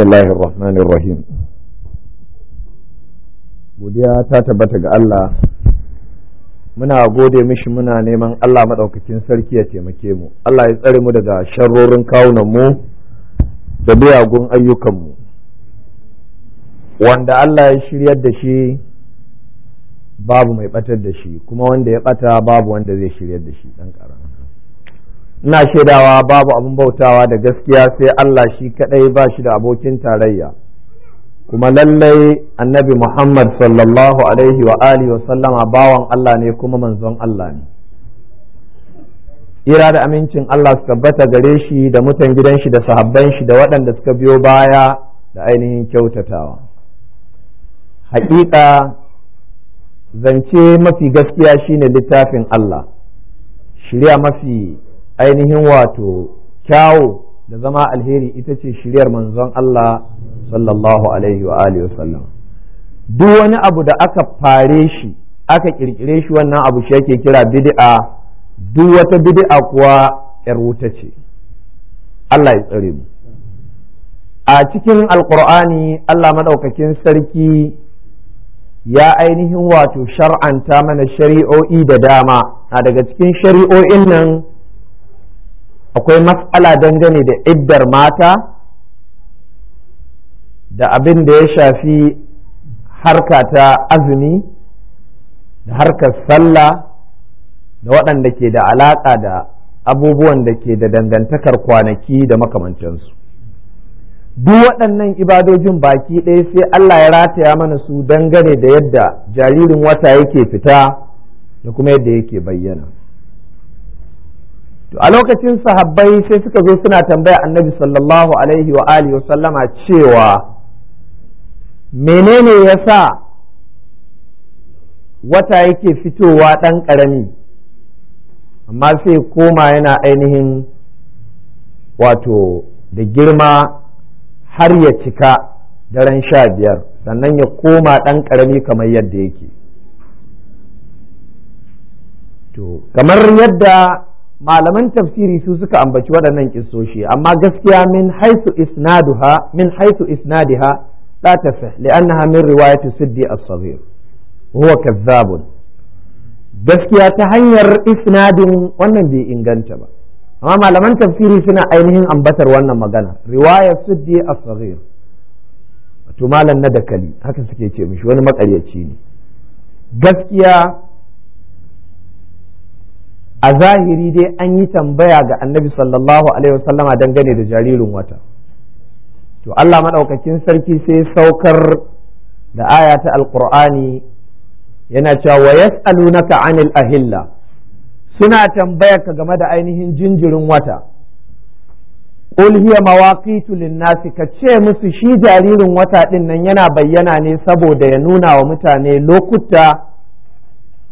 bismillahir godiya ta tabbata ga Allah muna gode mishi muna neman Allah madaukakin sarki ya taimake mu Allah ya tsare mu daga sharrorin kawunan mu da biyagun ayyukan mu wanda Allah ya shiryar da shi babu mai batar da shi kuma wanda ya bata babu wanda zai shiryar da shi dan karam ina shaidawa babu abin bautawa da gaskiya sai Allah shi kadai ba shi da abokin tarayya kuma lallai annabi Muhammad sallallahu alaihi wa alihi wa sallama bawan Allah ne kuma manzon Allah ne ira da amincin Allah su tabbata gare shi da mutan gidan shi da sahabban shi da waɗanda suka biyo baya da ainihin kyautatawa haƙiƙa zance mafi gaskiya shine littafin Allah shirya mafi ainihin wato kyawu da zama alheri ita ce shiryar manzon Allah sallallahu alaihi wa alihi wasallam duk wani abu da aka fare shi aka kirkire shi wannan abu shi yake kira bid'a duk wata bid'a kuwa yar wuta ce Allah ya tsare mu a cikin alkur'ani Allah madaukakin sarki ya ainihin wato shar'anta mana shari'o'i da dama a daga cikin shari'o'in nan akwai matsala dangane da iddar mata da abin da ya shafi harka ta azumi da harkar sallah da waɗanda ke da alaƙa da abubuwan da ke da dangantakar kwanaki da makamantansu duk waɗannan ibadojin baki ɗaya sai Allah ya rataya mana su dangane da yadda jaririn wata yake fita da kuma yadda yake bayyana to a lokacin sahabbai sai suka zo suna tambaya annabi sallallahu alaihi wa alihi sallama cewa menene yasa wata yake fitowa ɗan ƙarami amma sai koma yana ainihin wato da girma har ya cika daren sha biyar sannan ya koma ɗan ƙarami kamar yadda yake to kamar yadda malaman tafsiri su suka ambaci waɗannan kisoshi, amma gaskiya min haisu isnaduha min haisu isnadiha la tasih li'annaha min riwayati siddi as-saghir huwa gaskiya ta hanyar isnadin wannan bai inganta ba amma malaman tafsiri suna ainihin ambatar wannan magana riwaya siddi as wato malam na dakali haka suke ce mishi wani makaryaci ne gaskiya a zahiri dai an yi tambaya ga annabi sallallahu alaihi wasallama dangane da jaririn wata to Allah maɗaukakin sarki sai saukar da aya ta alkur'ani yana cewa wa yas'alunaka anil ahilla suna tambaya ka game da ainihin jinjirin wata qul hiya mawaqitu lin-nasi ka ce musu shi jaririn wata din nan yana bayyana ne saboda ya nuna wa mutane lokuta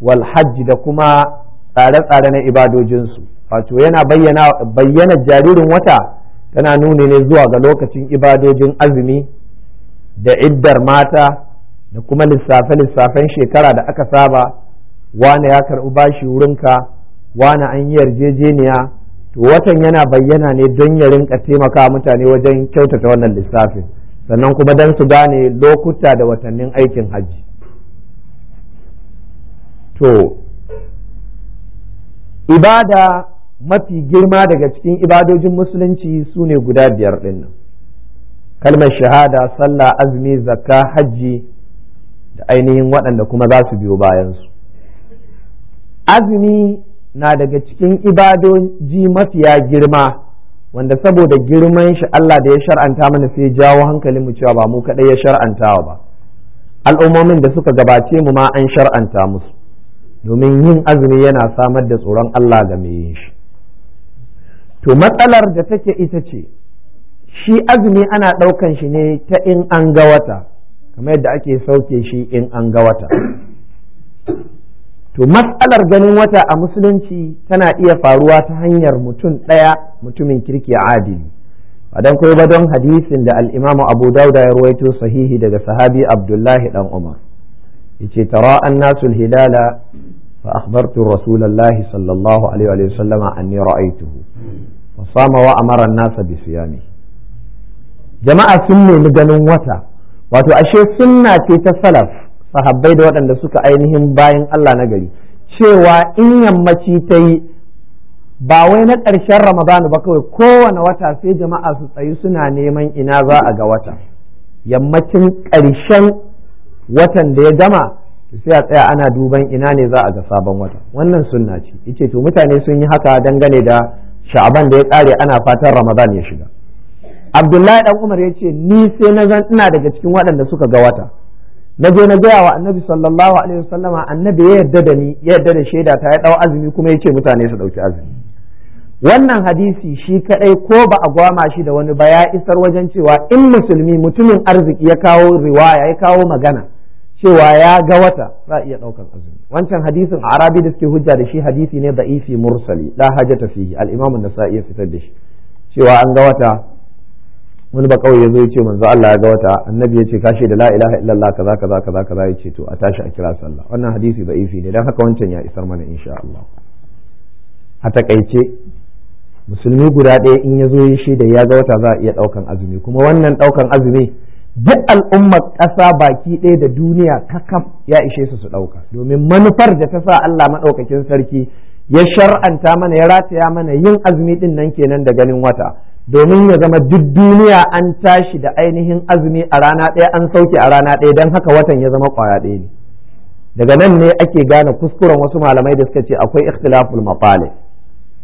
wal hajji da kuma tsare-tsare na ibadojinsu wato yana bayyana bayyana jaririn wata tana nuni ne zuwa ga lokacin ibadojin azumi da iddar mata da kuma lissafe-lissafen shekara da aka saba wane ya karɓi bashi wurinka wane an yi yarjejeniya to watan yana bayyana ne don ya rinka taimaka mutane wajen kyautata wannan lissafin sannan kuma don su gane lokuta da watannin aikin hajji to ibada mafi girma daga cikin ibadojin musulunci su ne guda biyar ɗin kalmar shahada sallah azumi zakka hajji da ainihin waɗanda kuma za su biyo bayansu azumi na daga cikin ibadoji mafiya girma wanda saboda girman shi Allah da ya shar'anta mana sai jawo hankalin mu cewa ba mu kaɗai ya shar'antawa ba al'ummomin da suka gabace mu ma an shar'anta musu domin yin azumi yana samar da tsoron Allah ga mai yin shi to matsalar da take ita ce shi azumi ana ɗaukan shi ne ta in an ga wata kamar yadda ake sauke shi in an ga wata to matsalar ganin wata a musulunci tana iya faruwa ta hanyar mutum ɗaya mutumin kirki adili Wadan don ba don hadisin da al'imamu abu dauda ya ruwaito sahihi daga sahabi abdullahi ɗan umar yace tara annasul hilala فأخبرت رسول الله صلى الله عليه وسلم أني رأيته فصام وأمر الناس بصيامه jama'a sun nemi ganin wata wato ashe sunna ce ta salaf sahabbai da waɗanda suka ainihin bayan Allah na gari cewa in yammaci tayi. ba wai na ƙarshen ramadanu ba kawai kowane wata sai jama'a su tsayi suna neman ina za a ga wata yammacin ƙarshen watan da ya gama sai a tsaya ana duban ina ne za a ga sabon wata wannan sunna ce yace to mutane sun yi haka dangane da sha'aban da ya tsare ana fatan ramadan ya shiga abdullahi dan umar ya ce ni sai na zan ina daga cikin waɗanda suka ga wata na je na gaya wa annabi sallallahu alaihi wasallama annabi ya yarda da ni ya yarda da shaida ta ya dau azumi kuma yace mutane su dauki azumi wannan hadisi shi kadai ko ba a gwama shi da wani ba ya isar wajen cewa in musulmi mutumin arziki ya kawo riwaya ya kawo magana cewa ya ga wata za a iya ɗaukan azumi wancan hadisin a arabi da suke hujja da shi hadisi ne da ifi mursali la hajata fihi al-imam nasai ya fitar da shi cewa an ga wata wani ba kawai yazo yace manzo Allah ya ga wata annabi yace kashi da la ilaha illallah kaza kaza kaza kaza yace to a tashi a kira sallah wannan hadisi da ifi ne dan haka wancan ya isar mana insha Allah a takaice musulmi guda ɗaya in ya zo yi shi da ya ga wata za a iya ɗaukan azumi kuma wannan ɗaukan azumi duk al'ummar ƙasa baki ɗaya da duniya kakaf ya ishe su su ɗauka domin manufar da ta sa Allah maɗaukakin sarki ya shar'anta mana ya rataya mana yin azumi ɗin nan kenan da ganin wata domin ya zama duk duniya an tashi da ainihin azumi a rana ɗaya an sauke a rana ɗaya don haka watan ya zama ƙwaya ɗaya ne daga nan ne ake gane kuskuren wasu malamai da suka ce akwai ikhtilaful mafale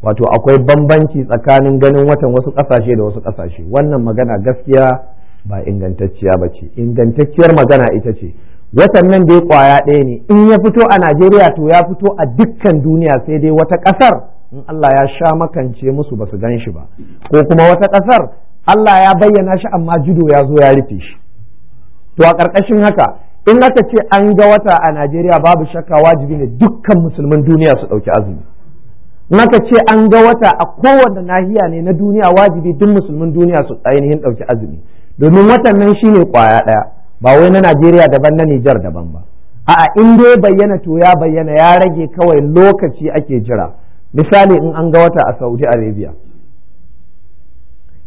wato akwai bambanci tsakanin ganin watan wasu ƙasashe da wasu ƙasashe wannan magana gaskiya ba ingantacciya ba ce ingantacciyar magana ita ce watan nan dai kwaya ɗaya ne in ya fito a najeriya to ya fito a dukkan duniya sai dai wata ƙasar in allah ya sha makance musu ba su gan shi ba ko kuma wata ƙasar allah ya bayyana shi amma judo ya zo ya rufe shi to a ƙarƙashin haka in aka ce an ga wata a najeriya babu shakka wajibi ne dukkan musulmin duniya su ɗauki azumi in aka ce an ga wata a kowane nahiya ne na duniya wajibi duk musulmin duniya su ainihin ɗauki azumi domin watan nan shine kwaya ɗaya ba wai na Najeriya daban na Nijar daban ba a'a in dai bayyana to ya bayyana ya rage kawai lokaci ake jira misali in an ga wata a Saudi Arabia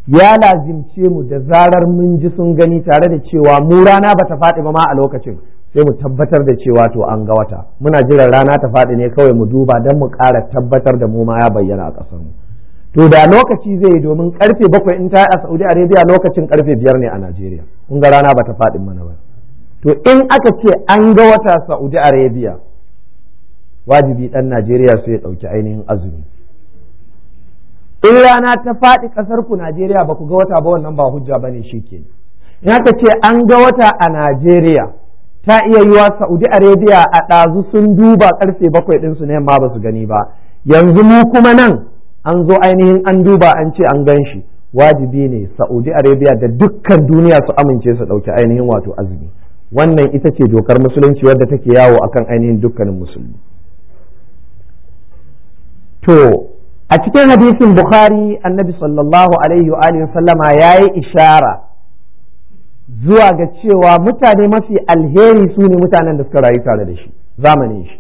ya lazimce mu da zarar mun ji sun gani tare da cewa mu rana bata faɗi ba ma a lokacin sai mu tabbatar da cewa to an ga wata muna jiran rana ta faɗi ne kawai mu duba don mu ƙara tabbatar da mu ma ya bayyana a ƙasar mu to da lokaci zai yi domin karfe bakwai in ta a saudi arabia lokacin karfe biyar ne a najeriya kun ga rana ba ta faɗin mana ba to in aka ce an ga wata saudi arabia wajibi ɗan najeriya su ya ɗauki ainihin azumi in rana ta faɗi ƙasar ku najeriya ba ku ga wata ba wannan ba hujja ba ne shi ke in aka ce an ga wata a najeriya ta iya yiwa saudi arabia a ɗazu sun duba karfe bakwai ɗinsu na yamma ba su gani ba yanzu mu kuma nan an zo ainihin an duba an ce an gan shi wajibi ne saudi arabia da dukkan duniya su amince su ɗauki ainihin wato azumi wannan ita ce dokar musulunci wadda take yawo akan ainihin dukkanin musulmi to a cikin hadisin bukhari annabi sallallahu alaihi wa alihi ya yayi ishara zuwa ga cewa mutane mafi alheri su ne mutanen da suka rayu tare da shi zamanin shi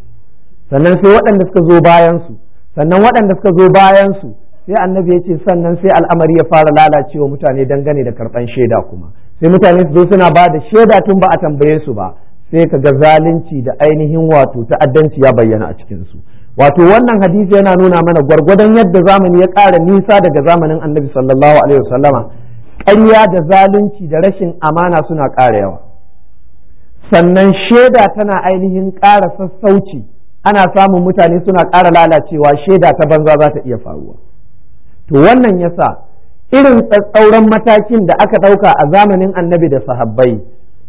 sannan sai waɗanda suka zo bayan su sannan waɗanda suka zo bayan su sai annabi ya ce sannan sai al'amari ya fara lalacewa mutane dangane da karɓan shaida kuma sai mutane su zo suna ba da shaida tun ba a tambaye su ba sai ka ga zalunci da ainihin wato ta'addanci ya bayyana a cikin su wato wannan hadisi yana nuna mana gwargwadon yadda zamani ya ƙara nisa daga zamanin annabi sallallahu alaihi wasallama ƙarya da zalunci da rashin amana suna ƙara yawa sannan shaida tana ainihin ƙara sassauci ana samun mutane suna ƙara lalacewa shaida ta banza za ta iya faruwa to wannan yasa irin tsatsauran matakin da aka ɗauka a zamanin annabi da sahabbai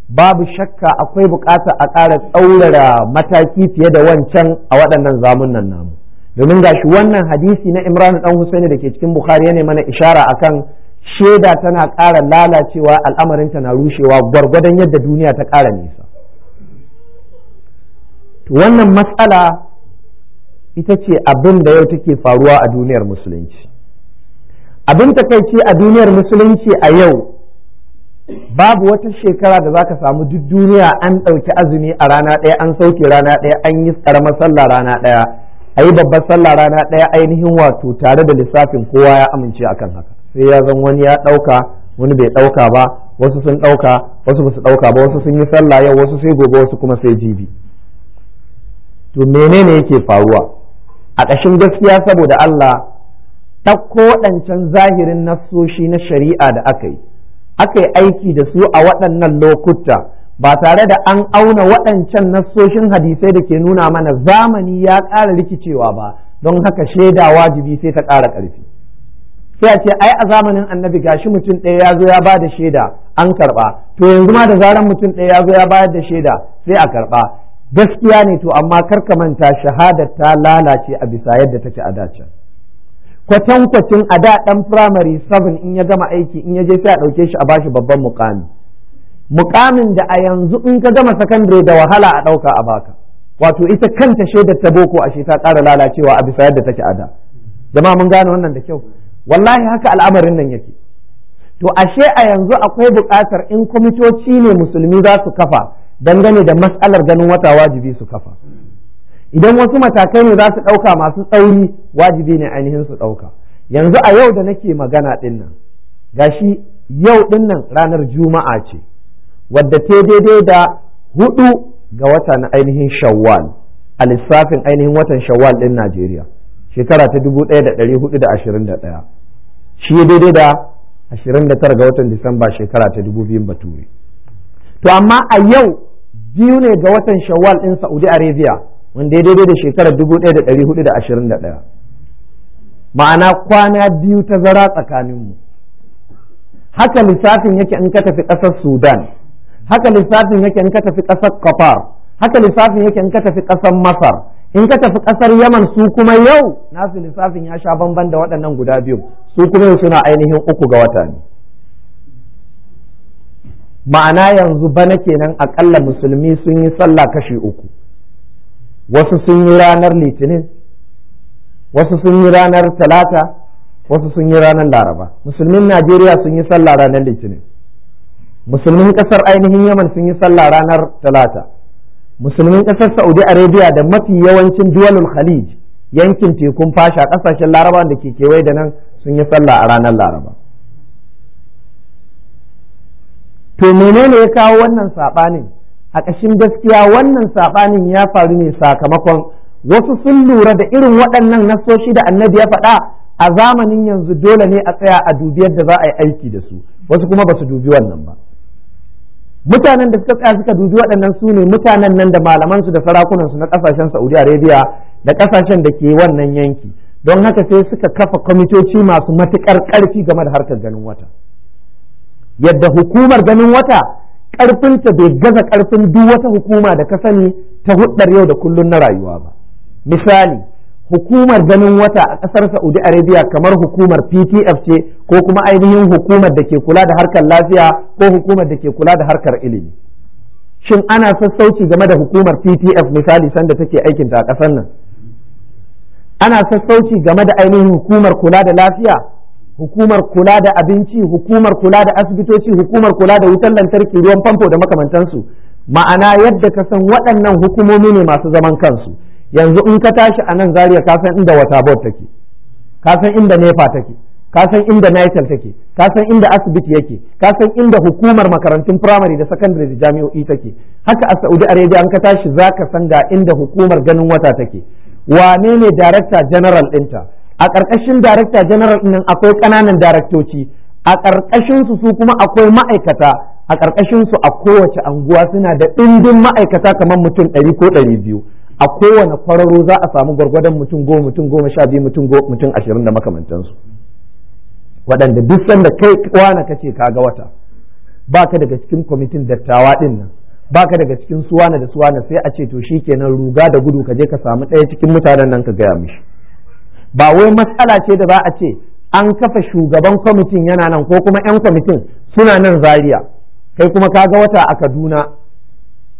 babu shakka akwai buƙatar a ƙara tsaurara mataki fiye da wancan a waɗannan zamunan namu domin gashi wannan hadisi na imran dan husaini da ke cikin bukhari ya mana ishara akan shaida tana ƙara lalacewa al'amarinta na rushewa gwargwadon yadda duniya ta ƙara nisa wannan matsala ita ce abin da yau take faruwa a duniyar musulunci abin takaici a duniyar musulunci a yau babu wata shekara da za ka samu duk duniya an ɗauki azumi a rana ɗaya an sauke rana ɗaya an yi ƙaramar sallah rana ɗaya a yi babbar sallah rana ɗaya ainihin wato tare da lissafin kowa ya amince akan haka sai ya zan wani ya ɗauka wani bai ɗauka ba wasu sun ɗauka wasu ba su ɗauka ba wasu sun yi sallah yau wasu sai gobe wasu kuma sai jibi to menene yake faruwa a ƙashin gaskiya saboda Allah ta waɗancan zahirin nassoshi na shari'a da aka yi aka yi aiki da su a waɗannan lokuta ba tare da an auna waɗancan nassoshin hadisai da ke nuna mana zamani ya ƙara rikicewa ba don haka shaida wajibi sai ta ƙara ƙarfi sai a ce ai a zamanin annabi gashi mutum ɗaya ya zo ya ba da shaida an karɓa to yanzu ma da zaran mutum ɗaya ya zo ya bayar da shaida sai a karɓa gaskiya ne to amma kar ka manta shahadar ta lalace a bisa yadda take a dace kwatankwacin a da ɗan firamare 7 in ya gama aiki in ya je sai a dauke shi a bashi babban mukami mukamin da a yanzu in ka gama sakandare da wahala a ɗauka a baka wato ita kanta shaidar ta boko ashe ta ƙara lalacewa a bisa yadda take a da jama'a mun gane wannan da kyau wallahi haka al'amarin nan yake to ashe a yanzu akwai buƙatar in kwamitoci ne musulmi za su kafa dangane da matsalar ganin wata wajibi su kafa idan wasu matakai ne za su ɗauka masu tsauri wajibi ne ainihin su ɗauka yanzu a yau da nake magana ɗinnan gashi yau ɗinnan ranar juma'a ce wadda ta daidai da hudu ga wata na ainihin shawwal a lissafin ainihin watan shawwal ɗin najeriya shekara ta dubu ɗaya da ɗari hudu da ashirin da ɗaya shi daidai da ashirin da tara ga watan disamba shekara ta dubu biyun bature to amma a yau biyu ne ga watan shawwal ɗin saudi arabia wanda ya daidai da shekarar 1421 ma'ana kwana biyu ta zara tsakaninmu haka lissafin yake in ka tafi ƙasar sudan haka lissafin yake in ka tafi ƙasar qatar haka lissafin yake in ka tafi ƙasar masar in ka tafi ƙasar yaman su kuma yau nasu lissafin ya sha bamban da waɗannan guda biyu su kuma yau suna ainihin uku ga wata ne ma'ana yanzu bana kenan akalla musulmi sun yi sallah kashi uku wasu sun yi ranar litinin wasu sun yi ranar talata wasu sun yi ranar laraba musulmin najeriya sun yi sallah ranar litinin musulmin kasar ainihin yaman sun yi sallah ranar talata musulmin kasar saudi arabia da mafi yawancin duwalul khalij yankin tekun fasha kasashen laraba da ke kewaye da nan sun yi sallah a ranar laraba to menene ya kawo wannan saɓanin a ƙashin gaskiya wannan saɓanin ya faru ne sakamakon wasu sun lura da irin waɗannan nasoshi da annabi ya faɗa a zamanin yanzu dole ne a tsaya a dubi yadda za a yi aiki da su wasu kuma ba su dubi wannan ba mutanen da suka tsaya suka dubi waɗannan su ne mutanen nan da malaman su da sarakunansu na ƙasashen saudi arabia da ƙasashen da ke wannan yanki don haka sai suka kafa kwamitoci masu matuƙar ƙarfi game da harkar ganin wata yadda hukumar ganin wata ƙarfinta bai gaza ƙarfin duk wata hukuma da ka sani ta huɗar yau da kullun na rayuwa ba misali hukumar ganin wata a ƙasar saudi arabia kamar hukumar ptf ce ko kuma ainihin hukumar da ke kula da harkar lafiya ko hukumar da ke kula da harkar ilimi shin ana sassauci game da hukumar ptf misali sanda take aikinta a ƙasar nan ana sassauci game da ainihin hukumar kula da lafiya hukumar kula da abinci hukumar kula da asibitoci hukumar kula da wutar lantarki ruwan famfo da makamantansu ma'ana yadda ka san waɗannan hukumomi ne masu zaman kansu yanzu in ka tashi a nan zariya ka san inda wata bot take ka san inda nepa take ka san inda nitel take ka san inda asibiti yake ka san inda hukumar makarantun primary da secondary da jami'o'i take haka a saudi arabia an ka tashi zaka san ga inda hukumar ganin wata take wane ne director general ɗinta a ƙarƙashin darakta general ɗin akwai ƙananan daraktoci a ƙarƙashin su su kuma akwai ma'aikata a ƙarƙashin su a kowace anguwa suna da ɗindin ma'aikata kamar mutum ɗari ko ɗari biyu a kowane kwararo za a samu gwargwadon mutum goma mutum goma sha biyu mutum mutum ashirin da makamantansu waɗanda duk sanda kai wana kace ka ga wata baka daga cikin kwamitin dattawa ɗin nan baka daga cikin suwana da suwana sai a ce to shikenan ruga da gudu ka je ka samu ɗaya cikin mutanen nan ka gaya mishi ba wai matsala ce da za a ce an kafa shugaban kwamitin yana nan ko kuma 'yan kwamitin suna nan zariya kai kuma ka ga wata a kaduna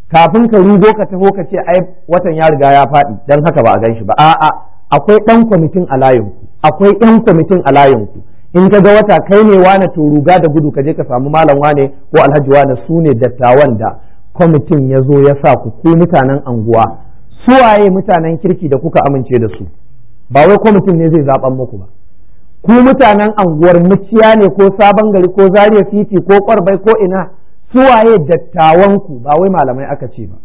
kafin ka rugo ka taho ka ce ai watan ya riga ya faɗi don haka ba a gan shi ba a'a akwai ɗan kwamitin a layinku akwai 'yan kwamitin a layinku in ka ga wata kai ne wane to ruga da gudu ka je ka samu malam wane ko alhaji wane su ne dattawan da kwamitin ya zo ya sa ku ku mutanen anguwa su waye mutanen kirki da kuka amince da su ba wai kwamitin ne zai zaɓan muku ba ku mutanen anguwar muciya ne ko sabon gari ko zariya titi ko kwarbai ko ina suwaye dattawanku ba wai malamai aka ce ba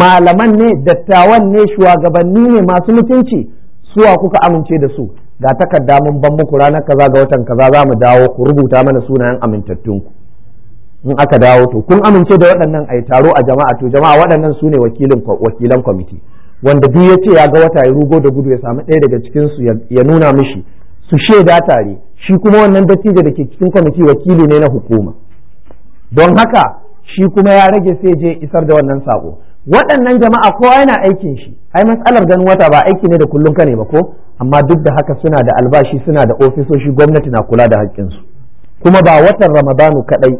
malaman ne dattawan ne shugabanni ne masu mutunci suwa kuka amince da su ga takarda mun ban muku ranar kaza ga watan kaza za mu dawo ku rubuta mana sunayen amintattun ku in aka dawo to kun amince da waɗannan yi taro a jama'a to jama'a waɗannan su ne wakilan kwamiti wanda duk ya ce ya ga wata ya rugo da gudu ya samu ɗaya daga cikinsu ya nuna mishi su shaida tare shi kuma wannan dattijo da ke cikin kwamiti wakili ne na hukuma don haka shi kuma ya rage sai je isar da wannan sako waɗannan jama'a kowa yana aikin shi ai matsalar ganin wata ba aiki ne da kullum ka ne ba ko amma duk da haka suna da albashi suna da ofisoshi gwamnati na kula da haƙƙinsu kuma ba watan ramadanu kaɗai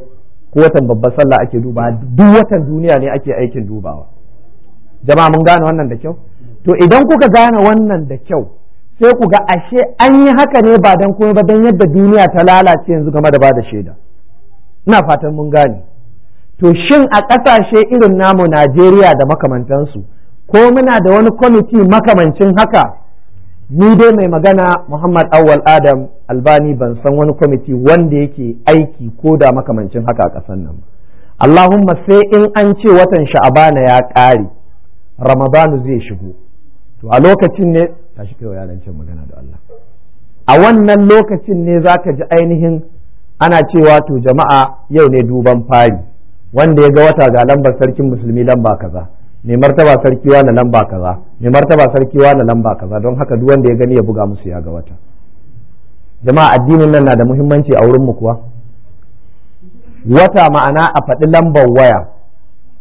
ko watan babbar sallah ake duba duk watan duniya ne ake aikin dubawa jama'a mun gane wannan da kyau to idan kuka gane wannan da kyau sai ku ga ashe an yi haka ne ba dan kuma ba dan yadda duniya ta lalace yanzu game da bada shaida ina fatan mun gane to shin a ƙasashe irin namu Najeriya da makamantansu ko muna da wani kwamiti makamancin haka ni dai mai magana Muhammad Awwal Adam Albani ban san wani kwamiti wanda yake aiki ko da makamancin haka a ƙasar nan Allahumma sai in an ce watan Sha'abana ya ƙare ramadanu zai shigo to a lokacin ne tashi kai yaran magana da Allah a wannan lokacin ne zaka ji ainihin ana cewa to jama'a yau ne duban fari wanda ya ga wata ga lambar sarkin musulmi lamba kaza mai martaba sarki wani lamba kaza mai martaba sarki wani lamba kaza don haka duk wanda ya gani ya buga musu ya ga wata jama'a addinin nan na da muhimmanci a wurin mu kuwa wata ma'ana a faɗi lambar waya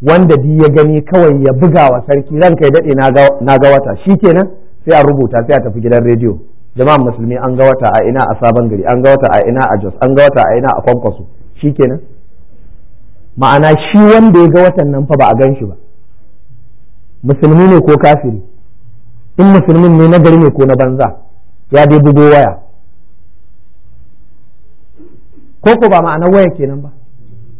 wanda di ya gani kawai ya buga wa sarki ranka ya daɗe na ga wata shi kenan sai a rubuta sai a tafi gidan rediyo jama'an musulmi an ga wata a ina a sabon gari an ga wata a ina a jos an ga wata a ina a kwankwaso shi kenan ma'ana shi wanda ya ga watan nan fa ba a gan shi ba musulmi ne ko kafiri in musulmin ne na gari ne ko na banza ya dai bugo waya ko ko ba ma'anar waya kenan ba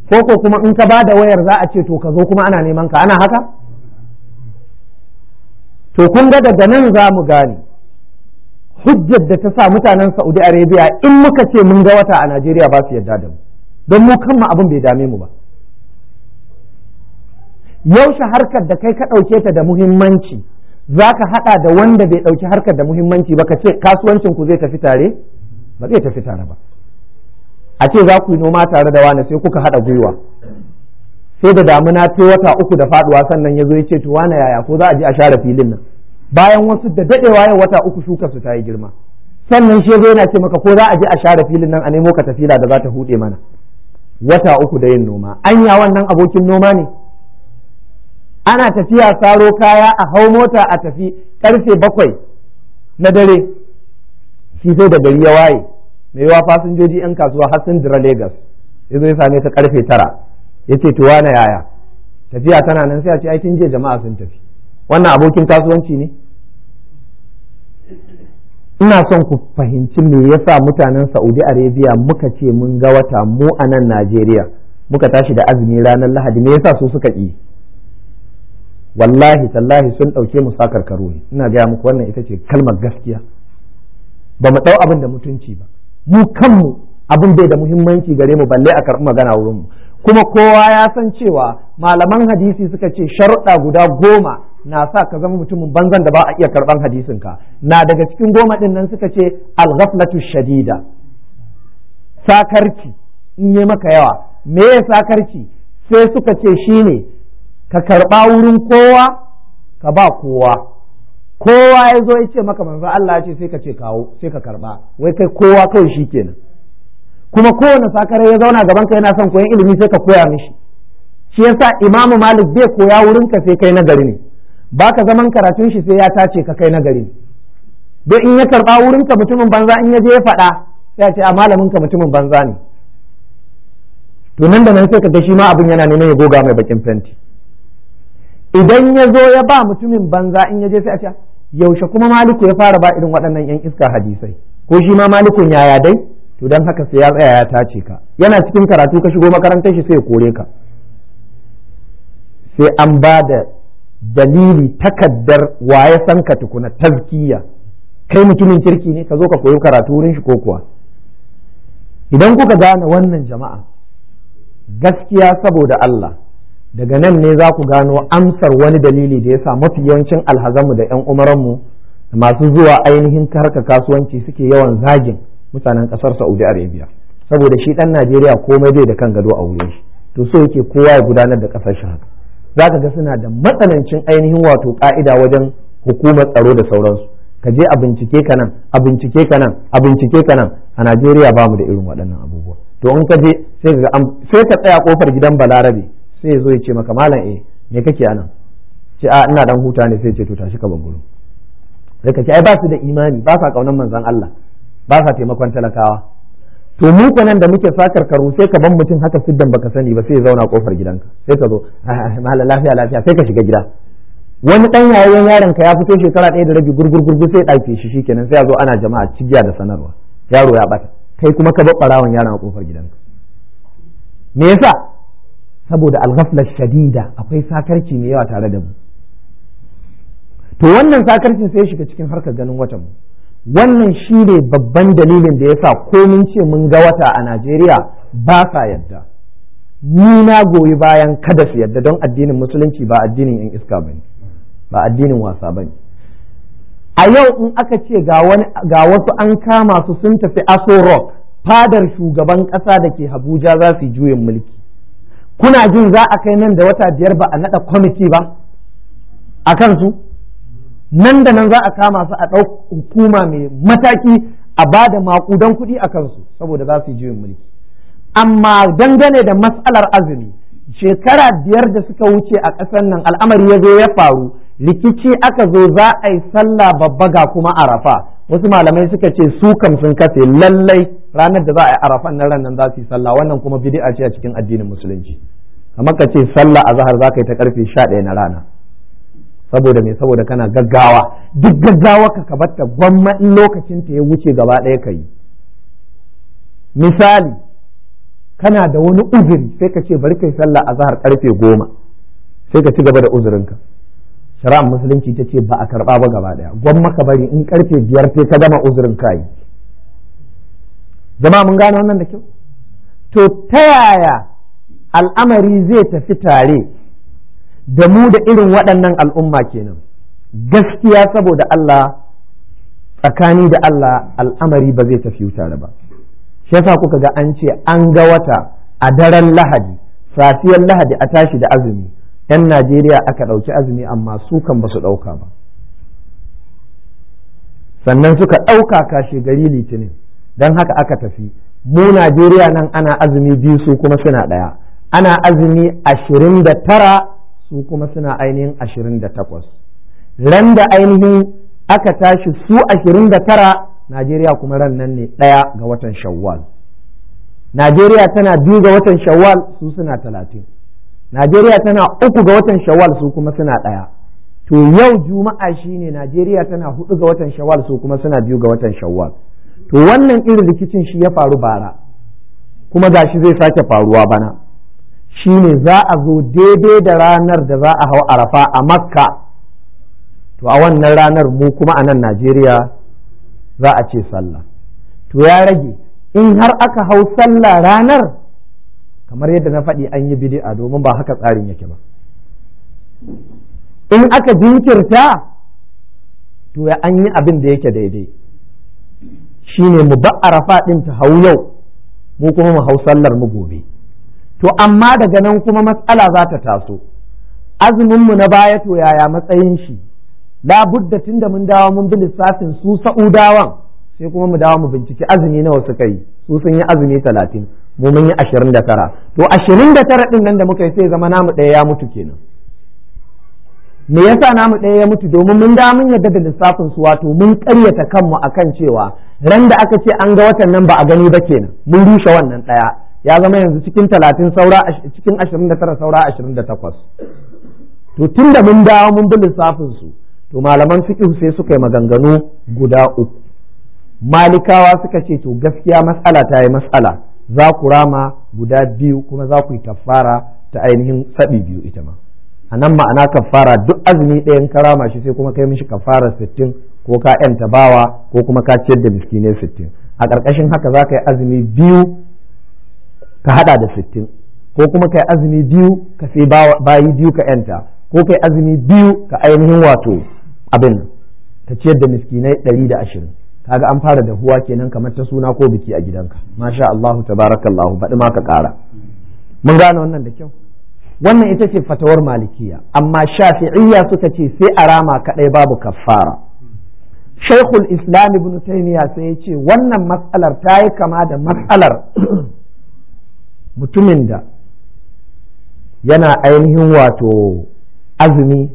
ko ko kuma in ka ba da wayar za a ce to ka zo kuma ana neman ka ana haka to kun ga daga nan za mu gane hujjar da ta sa mutanen Saudi Arabia in muka ce mun ga wata a Najeriya ba su yarda da mu don mu kanmu abin bai dame mu ba yaushe harkar da kai ka ɗauke ta da muhimmanci za ka haɗa da wanda bai ɗauki harkar da muhimmanci ba ka ce kasuwancin ku zai tafi tare ba zai tafi tare ba a ce za ku yi noma tare da wani sai kuka haɗa gwiwa sai da damuna ta wata uku da faduwa sannan ya zo ya ce to wane yaya ko za a je a share filin nan bayan wasu da dadewa ya wata uku shuka su ta yi girma sannan shi zo yana ce maka ko za a je a share filin nan a nemo ka tafila da za ta huɗe mana wata uku da yin noma anya wannan abokin noma ne ana tafiya saro kaya a hau mota a tafi karfe bakwai na dare shi zai da gari ya waye mai yawa fasinjoji yan kasuwa har sun dira Legas ya zo ya same ta karfe tara ya ce tuwa na yaya tafiya tana nan sai a ce aikin jiya jama'a sun tafi wannan abokin kasuwanci ne ina son ku fahimci me yasa mutanen Saudi Arabia muka ce mun ga wata mu a nan Najeriya muka tashi da azumi ranar Lahadi me yasa su suka ƙi wallahi tallahi sun ɗauke mu sakar karo ne ina gaya muku wannan ita ce kalmar gaskiya ba mu ɗau abin da mutunci ba mu kanmu abin bai da muhimmanci gare mu balle a karɓi magana wurin mu kuma kowa ya san cewa malaman hadisi suka ce sharuɗa guda goma na sa ka zama mutumin banzan da ba a iya karɓan hadisinka na daga cikin goma ɗin nan suka ce alghaflatu shadida sakarci in yi maka yawa me ya sakarci sai suka ce shine ka karɓa wurin kowa ka ba kowa kowa ya zo ya ce maka manzo Allah ya ce sai ka ce kawo sai ka karba wai kai kowa kawai shi kenan kuma kowane sakare ya zauna gaban ka yana son koyan ilimi sai ka koya mishi shi yasa imamu malik bai koya wurin ka sai kai nagari ne baka zaman karatun shi sai ya tace ka kai nagari ne don in ya karba wurin ka mutumin banza in ya je ya faɗa sai ya ce a malamin ka mutumin banza ne to nan da nan sai ka ga shi ma abin yana neman ya goga mai bakin fenti idan ya zo ya ba mutumin banza in ya je sai a ce yaushe kuma maliku ya fara ba irin waɗannan yan iska hadisai ko shi ma malikun yaya dai to don haka sai ya tsaya ya tace ka yana cikin karatu ka shigo makarantar shi sai ya kore ka sai an ba da dalili takaddar wa ya san ka tukuna tazkiya kai mutumin kirki ne ka zo ka koyi karatu wurin shi ko kuwa idan kuka gane wannan jama'a gaskiya saboda Allah daga nan ne za ku gano amsar wani dalili da ya sa mafi yawancin alhazanmu da 'yan umaranmu masu zuwa ainihin harka kasuwanci suke yawan zagin mutanen ƙasar saudi arabia saboda shi ɗan najeriya komai bai da kan gado a wurin shi to so yake kowa ya gudanar da ƙasar shi haka za ka ga suna da matsanancin ainihin wato ƙa'ida wajen hukumar tsaro da sauransu ka je a bincike ka nan a bincike ka nan a bincike ka nan a najeriya ba mu da irin waɗannan abubuwa to in ka je sai ka tsaya kofar gidan balarabe sai ya zo ya ce maka malam eh me kake anan ce a ah, ina dan huta ne sai ce to tashi ka bangulo sai ka ce ai ba su da imani ba sa kaunan manzon Allah ba sa taimakon talakawa to mu nan da muke sakar karu sai ka ban mutum haka siddan baka sani ba sai ya zauna kofar gidanka sai ka zo ah, ah, malam lafiya lafiya sai ka shiga gida wani dan yayin yaron ka ya fito shekara ɗaya da rabi gurgur gurgur sai ɗauke shi shikenan sai ya zo ana jama'a cigiya da sanarwa yaro ya bata kai kuma ka bar barawon yaron a kofar gidanka me yasa saboda alghaflar shadida akwai sakarci mai yawa tare da mu to wannan sakarci sai shiga cikin harkar ganin watan mu wannan shi ne babban dalilin da ya sa ko mun ce mun ga wata a najeriya ba sa yadda ni na goyi bayan kada su yadda don addinin musulunci ba addinin yan iska bane ba addinin wasa bane a yau in aka ce ga wasu an kama su sun tafi aso rock fadar shugaban kasa da ke Habuja za su juyin mulki kuna jin za a kai nan da wata biyar ba a naɗa kwamiti ba a kansu nan da nan za a kama su a ɗau hukuma mai mataki a ba da maƙudan kuɗi a kansu saboda za su yi mulki amma dangane da matsalar azumi shekara biyar da suka wuce a ƙasar nan al'amari ya zo ya faru rikici aka zo za a yi sallah babba ga kuma arafa wasu malamai suka ce su kam sun kafe lallai ranar da za a yi arafan na ranar za su yi sallah wannan kuma bid'a ce a cikin addinin musulunci kamar ka ce sallah a zahar za ka yi ta karfe ɗaya na rana saboda me saboda kana gaggawa duk gaggawa ka ta gwamma in lokacin ta ya wuce gaba ɗaya ka yi misali kana da wani uzuri sai ka ce bari kai sallah a zahar karfe goma sai ka ci gaba da uzurinka shari'ar musulunci ta ce ba a karɓa ba gaba daya gwamma ka bari in karfe biyar sai ka gama uzurin kayi zama mun gane wannan da kyau to ta yaya al'amari zai tafi tare da mu da irin waɗannan al'umma kenan gaskiya saboda Allah tsakani da Allah al'amari ba zai tafi tare ba shi yasa kuka ga an ce an ga wata a daren lahadi safiyar lahadi a tashi da azumi 'yan najeriya aka ɗauki azumi amma su kan ba ɗauka ba sannan suka ɗauka kashe gari litinin don haka aka tafi mu najeriya nan ana azumi biyu su kuma suna ɗaya ana azumi ashirin da tara su kuma suna ainihin ashirin da takwas ran da ainihin aka tashi su ashirin da tara najeriya kuma ran nan ne ɗaya ga watan shawwal najeriya tana biyu ga watan shawwal su suna talatin najeriya tana uku ga watan shawwal su kuma suna ɗaya to yau juma'a shine najeriya tana hudu ga watan shawwal su kuma suna biyu ga watan shawwal to wannan irin rikicin shi ya faru bara kuma shi zai sake faruwa bana shi ne za a zo daidai da ranar da za a hau arafa a makka to a wannan ranar mu kuma a nan najeriya za a ce sallah to ya rage in har aka hau sallah ranar kamar yadda na faɗi an yi bidi'a domin ba haka tsarin yake ba in aka jinkirta to ya an yi abin da yake daidai shi ne mu ba arafa ɗin ta hau yau mu kuma mu hau sallar mu gobe to amma daga nan kuma matsala za ta taso azuminmu na baya to yaya matsayin shi labudda da mun dawo mun bi lissafin su sa'udawan sai kuma mu dawo mu binciki azumi nawa suka yi su sun yi azumi talatin mu mun yi ashirin da tara to ashirin da tara ɗin nan da muka yi sai zama namu ɗaya ya mutu kenan me yasa namu ɗaya ya mutu domin mun da mun yarda da lissafin su wato mun ƙaryata kanmu akan cewa ran da aka ce an ga watan nan ba a gani ba kenan mun rushe wannan ɗaya ya zama yanzu cikin 30 saura cikin ashirin saura ashirin to tun da mun dawo mun bi lissafin su to malaman fiqh sai suka yi maganganu guda uku malikawa suka ce to gaskiya matsala ta yi matsala za ku rama guda biyu kuma za ku yi kafara ta ainihin sabi biyu ita ma a nan ma'ana kafara duk azumi ɗayan karama shi sai kuma kai mishi kafara sittin ko ka yanta bawa ko kuma ka ciyar da miskinai sittin a ƙarƙashin haka za ka yi azumi biyu ka haɗa da sittin ko kuma ka yi azumi biyu ka sai bayi biyu ka yanta ko ka yi azumi biyu ka ainihin wato abin ka ciyar da miskinai ɗari da ashirin kaga an fara da huwa kenan kamar ta suna ko biki a gidanka masha Allahu tabarakallahu baɗi ma ka ƙara mun gane wannan da kyau wannan ita ce fatawar malikiya amma shafi'iyya suka ce sai a rama kaɗai babu kaffara shaikhul islam ibn taymiya sai ya ce wannan matsalar ta yi kama da matsalar mutumin da yana ainihin wato azumi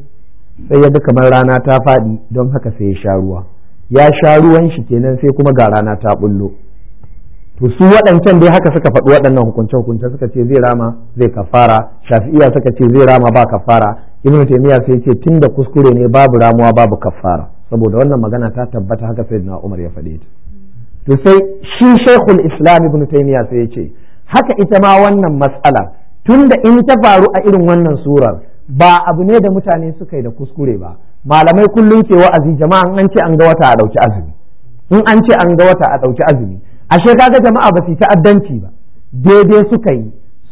sai ya kamar rana ta faɗi don haka sai ya sha ruwa ya sha ruwan shi kenan sai kuma ga rana ta bullo to su waɗancan dai haka suka faɗi waɗannan hukunce hukunce suka ce zai rama zai kafara shafi'iya suka ce zai rama ba kafara ibn taymiya sai ya ce tunda kuskure ne babu ramuwa babu kafara saboda wannan magana ta tabbata haka na Umar ya faɗe ta to sai shi Sheikhul Islam Ibn Taymiyyah sai ya ce haka ita ma wannan mas'ala tunda in ta faru a irin wannan surar ba abu ne da mutane suka yi da kuskure ba malamai kullum ke wa'azi jama'a an ce an ga wata a ɗauki azumi in an ce an ga wata a ɗauki azumi ashe kaga jama'a ba su ta'addanci ba daidai suka yi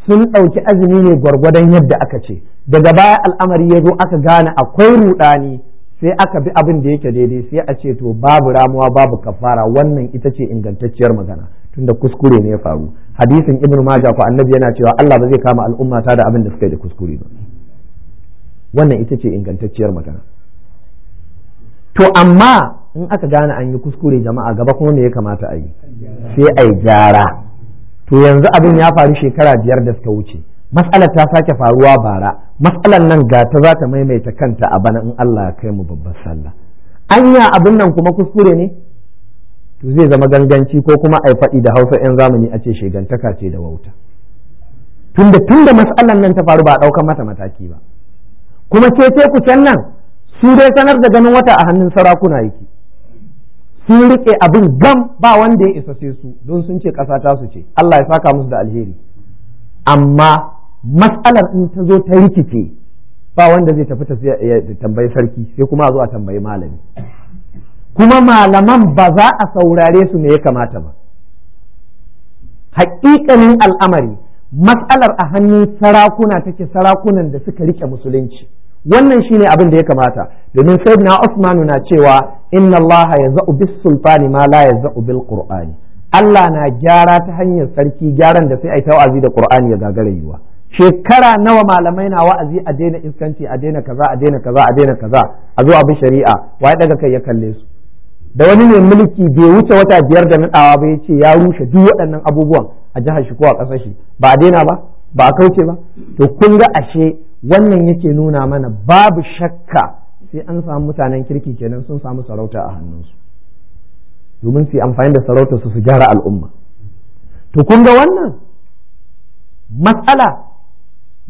sun ɗauki azumi ne gwargwadon yadda aka ce daga baya al'amari ya zo aka gane akwai ruɗani sai aka bi abin da yake daidai sai a ce to babu ramuwa babu kafara wannan ita ce ingantacciyar magana tunda kuskure ne ya faru hadisin ibnu maja ko annabi yana cewa Allah ba zai kama al'umma ta da abin da suka yi da kuskure ba wannan ita ce ingantacciyar magana to amma in aka gane an yi kuskure jama'a gaba kuma me ya kamata a yi sai a yi gyara to yanzu abin ya faru shekara biyar da suka wuce matsalar ta sake faruwa bara matsalar nan ga ta za ta maimaita kanta a bana in Allah ya kai mu babbar sallah anya abin nan kuma kuskure ne to zai zama ganganci ko kuma ai faɗi da hausa yan zamani a ce shegantaka ce da wauta tunda tunda matsalar nan ta faru ba a ɗaukar mata mataki ba kuma ce ce ku can nan su dai sanar da ganin wata a hannun sarakuna yake su rike abin gam ba wanda ya isa sai su don sun ce ƙasa ta su ce Allah ya saka musu da alheri amma matsalar in ta zo ta rikice ba wanda zai tafi ya tambayi sarki sai kuma a zo a tambayi malami kuma malaman ba za a saurare su me ya kamata ba haƙiƙanin al'amari matsalar a hannun sarakuna take sarakunan da suka rike musulunci wannan shine abin da ya kamata domin sayyidina Usman na cewa inna Allah yaz'u bis sulfani ma la yaz'u bil qur'ani Allah na gyara ta hanyar sarki gyaran da sai ai tawazi da qur'ani ya gagara yiwa shekara nawa malamai na wa'azi a daina iskanci a daina kaza a daina kaza a daina kaza a zo abin shari'a waye daga kai ya kalle su da wani ne mulki bai wuce wata biyar da nadawa ba yace ya rushe duk waɗannan abubuwan a jihar shi ko a ƙasar shi ba a daina ba ba a kauce ba to kun ga ashe wannan yake nuna mana babu shakka sai an samu mutanen kirki kenan sun samu sarauta a hannunsu domin su amfani da sarauta su su gyara al'umma to kun ga wannan matsala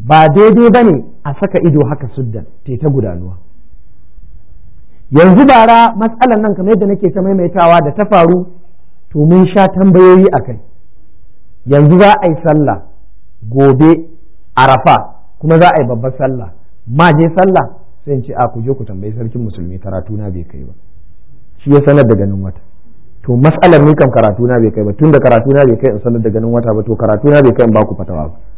ba daidai ba ne a saka ido haka suddan te ta gudanuwa yanzu bara matsalan nan kamar yadda nake ta maimaitawa da ta faru to mun sha tambayoyi a kai yanzu za a yi sallah gobe arafa kuma za a yi babbar sallah ma je sallah sai ce a ku je ku tambayi sarkin musulmi karatu na bai kai ba shi ya sanar da ganin wata to matsalar ni kam karatu bai kai ba tunda karatu na bai kai in sanar da ganin wata ba to karatu bai kai in ba ku fatawa ba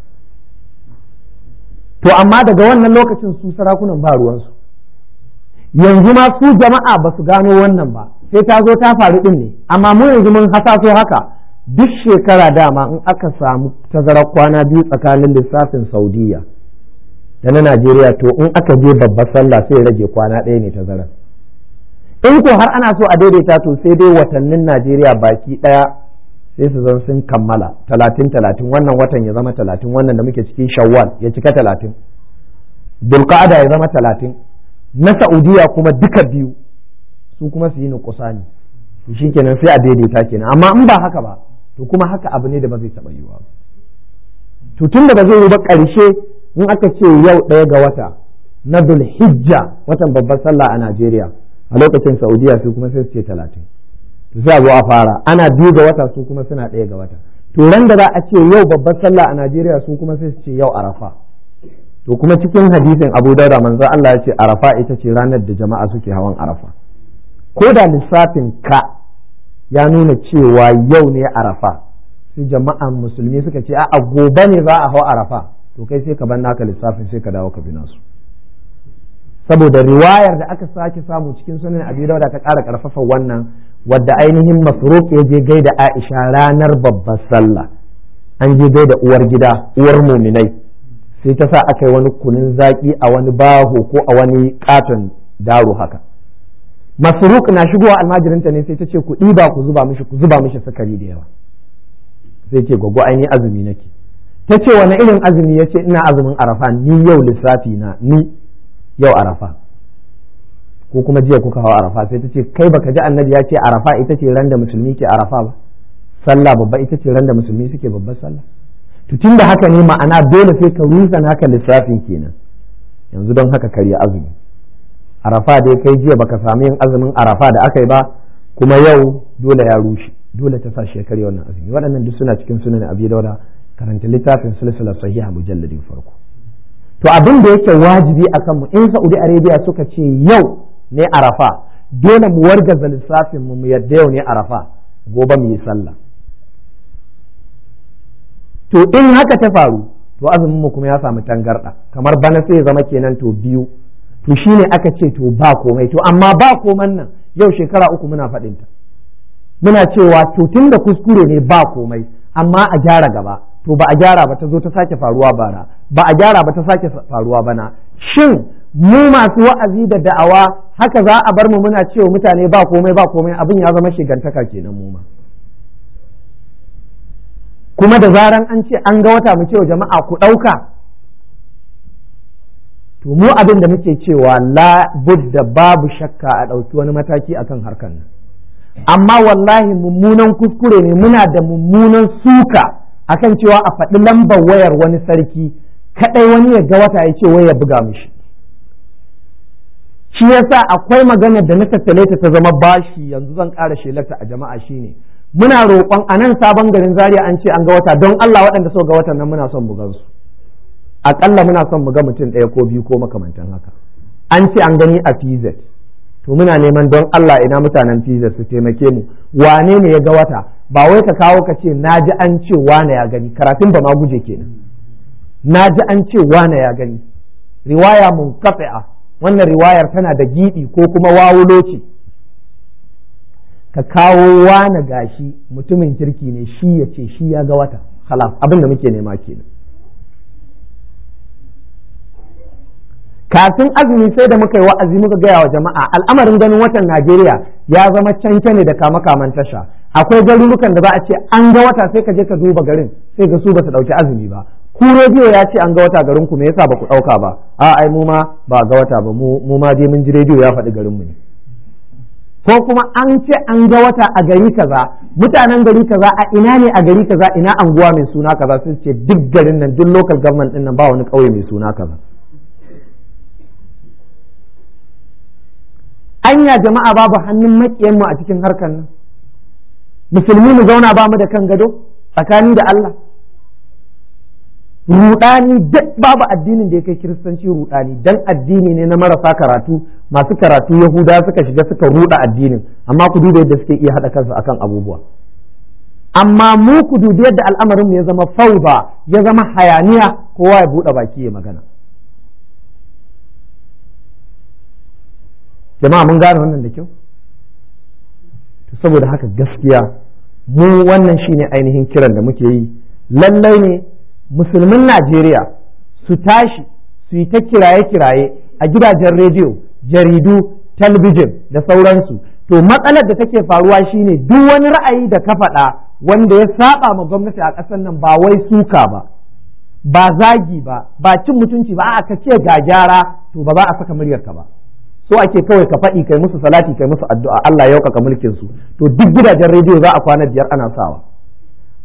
to amma daga wannan lokacin su sarakunan ba ruwansu yanzu ma su jama'a ba su gano wannan ba sai ta zo ta faru din ne amma mu yanzu mun hasaso haka duk shekara dama in aka samu tazarar kwana biyu tsakanin lissafin saudiya da na najeriya to in aka je babbar sallah sai rage kwana ɗaya ne tazarar in ko har ana so a daidaita to sai dai watannin najeriya baki ɗaya sai su zan sun kammala talatin talatin wannan watan ya zama talatin wannan da muke cikin shawwal ya cika talatin dulka'ada ya zama talatin na sa'udiyya kuma duka biyu su kuma su yi nukusa ne shi kenan sai a daidaita kenan amma in ba haka ba to kuma haka abu ne da ba zai taɓa yiwuwa ba to tun da ba zai yi ba ƙarshe in aka ce yau ɗaya ga wata na dulhijja watan babbar sallah a najeriya a lokacin sa'udiyya su kuma sai su ce talatin za zo a fara ana biyu ga wata su kuma suna ɗaya ga wata to ran da za a ce yau babbar sallah a Najeriya su kuma sai su ce yau arafa to kuma cikin hadisin Abu Dauda manzo Allah ya ce arafa ita ce ranar da jama'a suke hawan arafa ko da lissafin ka ya nuna cewa yau ne arafa sai jama'an musulmi suka ce a gobe ne za a hau arafa to kai sai ka bar naka lissafin sai ka dawo ka bi nasu saboda riwayar da aka sake samu cikin sunan abu dauda ka ƙara ƙarfafa wannan wadda ainihin masruq ya je gaida aisha ranar babbar sallah an je gaida uwar gida uwar muminai sai ta sa aka yi wani kunin zaki a wani baho ko a wani katon daro haka masruq na shigowa almajirinta ne sai ta ce ku ɗiba ku zuba mishi ku zuba mishi sukari da yawa sai ce gwaggo ainihin azumi nake ta ce wani irin azumi ya ce ina azumin arafa ni yau lissafi na ni yau arafa ko kuma jiya kuka hawa arafa sai ta ce kai baka ji annabi ya ce arafa ita ce ran musulmi ke arafa ba sallah babba ita ce ran musulmi suke babbar sallah to tun da haka ne ma'ana dole sai ka rusa naka lissafin kenan yanzu don haka karya azumi arafa dai kai jiya baka samu yin azumin arafa da aka yi ba kuma yau dole ya rushe dole ta sa shekaru wannan azumi waɗannan duk suna cikin sunan abi daura karanta littafin silsila sahiha mujalladin farko to abin da yake wajibi akan mu in Saudi Arabia suka ce yau ne arafa dole mu wargaza lissafin mu yadda yau ne arafa gobe mu yi sallah to in haka ta faru to azumin mu kuma ya samu tangarɗa kamar bana sai zama kenan to biyu to shine aka ce to ba komai to amma ba koman nan yau shekara uku muna faɗin ta muna cewa to tun da kuskure ne ba komai amma a gyara gaba to ba a gyara ba ta zo ta sake faruwa bara ba a gyara ba ta sake faruwa bana shin mu masu wa'azi da da'awa haka za a bar mu muna cewa mutane ba komai ba komai abin ya zama shigantaka kenan mu kuma da zaran an ce an ga wata mu cewa jama'a ku ɗauka to mu abin da muke cewa la da babu shakka a ɗauki wani mataki akan harkar nan amma wallahi mummunan kuskure ne muna da mummunan suka akan cewa a faɗi lambar wayar wani sarki kaɗai wani ya ga wata ya ce wai ya buga mishi shi yasa akwai magana da na tattale ta zama bashi yanzu zan ƙara shelarta a jama'a shine muna roƙon a nan sabon garin zaria an ce an ga wata don Allah waɗanda so ga watan nan muna son mu gansu aƙalla muna son mu ga mutum ɗaya ko biyu ko makamantan haka an ce an gani a fiz to muna neman don Allah ina mutanen fiz su taimake mu wane ne ya ga wata ba wai ka kawo ka ce na ji an ce wane ya gani karatun ba ma guje kenan na ji an ce wane ya gani riwaya mun kafa'a wannan riwayar tana da giɓi ko kuma wawuloci ka kawo wani gashi mutumin kirki ne shi ya ce shi ya ga wata halas abin da muke nema kenan kafin azumi sai da muka yi wa'azi muka gaya wa jama'a al'amarin ganin watan Najeriya ya zama canke ne da kama kaman tasha akwai garurukan da ba a ce an ga wata sai ka je ka duba garin sai ga su ba su dauki azumi ba ku rediyo ya ce an ga wata garin ku me yasa ba ku ɗauka ba a ai mu ma ba ga wata ba mu ma je mun ji rediyo ya faɗi garin mu ne ko kuma an ce an ga wata a gari kaza mutanen gari kaza a ina ne a gari kaza ina anguwa mai suna kaza sun ce duk garin nan duk local government din nan ba wani ƙauye mai suna kaza anya jama'a babu hannun makiyan mu a cikin harkan nan musulmi mu zauna ba mu da kan gado tsakani da Allah rudani duk babu addinin da ya kai kiristanci rudani dan addini ne na marasa karatu masu karatu yahuda suka shiga suka ruda addinin amma ku duba yadda suke iya hada kansu akan abubuwa amma mu ku dubi yadda al'amarin ya zama fauda ya zama hayaniya kowa ya bude baki ya magana jama'a mun gane wannan da kyau to saboda haka gaskiya mu wannan shine ainihin kiran da muke yi lallai ne musulmin najeriya su tashi su yi ta kiraye-kiraye a gidajen rediyo jaridu talbijin da sauransu to matsalar da take faruwa shine duk wani ra'ayi da ka faɗa wanda ya saba ma gwamnati a ƙasar nan ba wai suka ba ba zagi ba ba cin mutunci ba a ka ce ga gyara to ba za a saka muryarka ba so ake kawai ka faɗi kai musu salati kai musu addu'a Allah ya ka mulkin su to duk gidajen rediyo za a kwana biyar ana sawa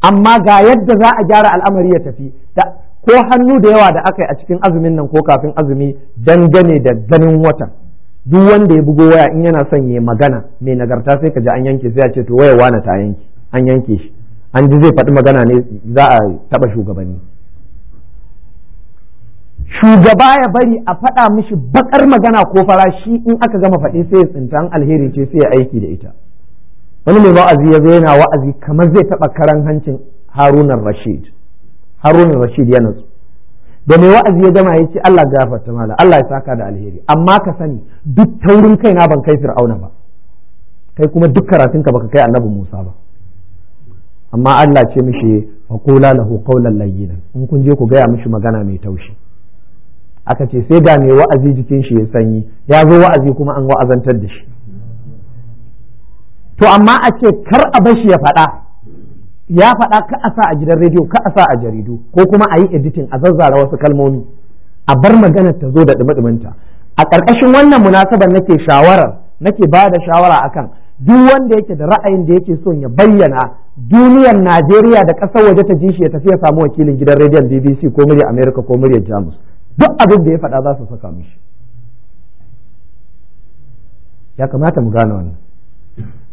amma ga yadda za a gyara al'amari ya tafi ko hannu da yawa da aka yi a cikin azumin nan ko kafin azumi dangane da ganin wata duk wanda ya bugo waya in yana son ya magana mai nagarta sai ka ji an yanke sai a ce to waya wani ta yanke an yanke shi an ji zai faɗi magana ne za a taɓa shugabanni shugaba ya bari a faɗa mishi baƙar magana ko fara shi in aka gama faɗi sai ya tsinta alheri ce sai ya aiki da ita wani mai wa'azi ya zo yana wa'azi kamar zai taɓa karan hancin harunan rashid harunan rashid ya natsu da mai wa'azi ya gama ya ce Allah gafarta mala Allah ya saka da alheri amma ka sani duk taurin kai na ban kai fir'auna ba kai kuma duk karatun ka baka kai annabi Musa ba amma Allah ce mishi faqula lahu qawlan layyina in kun je ku gaya mishi magana mai taushi aka ce sai da mai wa'azi jikin shi ya sanyi ya zo wa'azi kuma an wa'azantar da shi to amma a ce kar a bar ya faɗa ya faɗa ka a sa a gidan rediyo ka a sa a jaridu ko kuma a yi editin a zazzara wasu kalmomi a bar maganar ta zo da ɗumi a ƙarƙashin wannan munasabar nake shawarar nake ba da shawara akan duk wanda yake da ra'ayin da yake son ya bayyana duniyar Najeriya da ƙasar waje ta ji shi ya tafi ya samu wakilin gidan rediyon BBC ko murya Amerika ko murya Jamus duk abin da ya faɗa za su saka mishi ya kamata mu gane wannan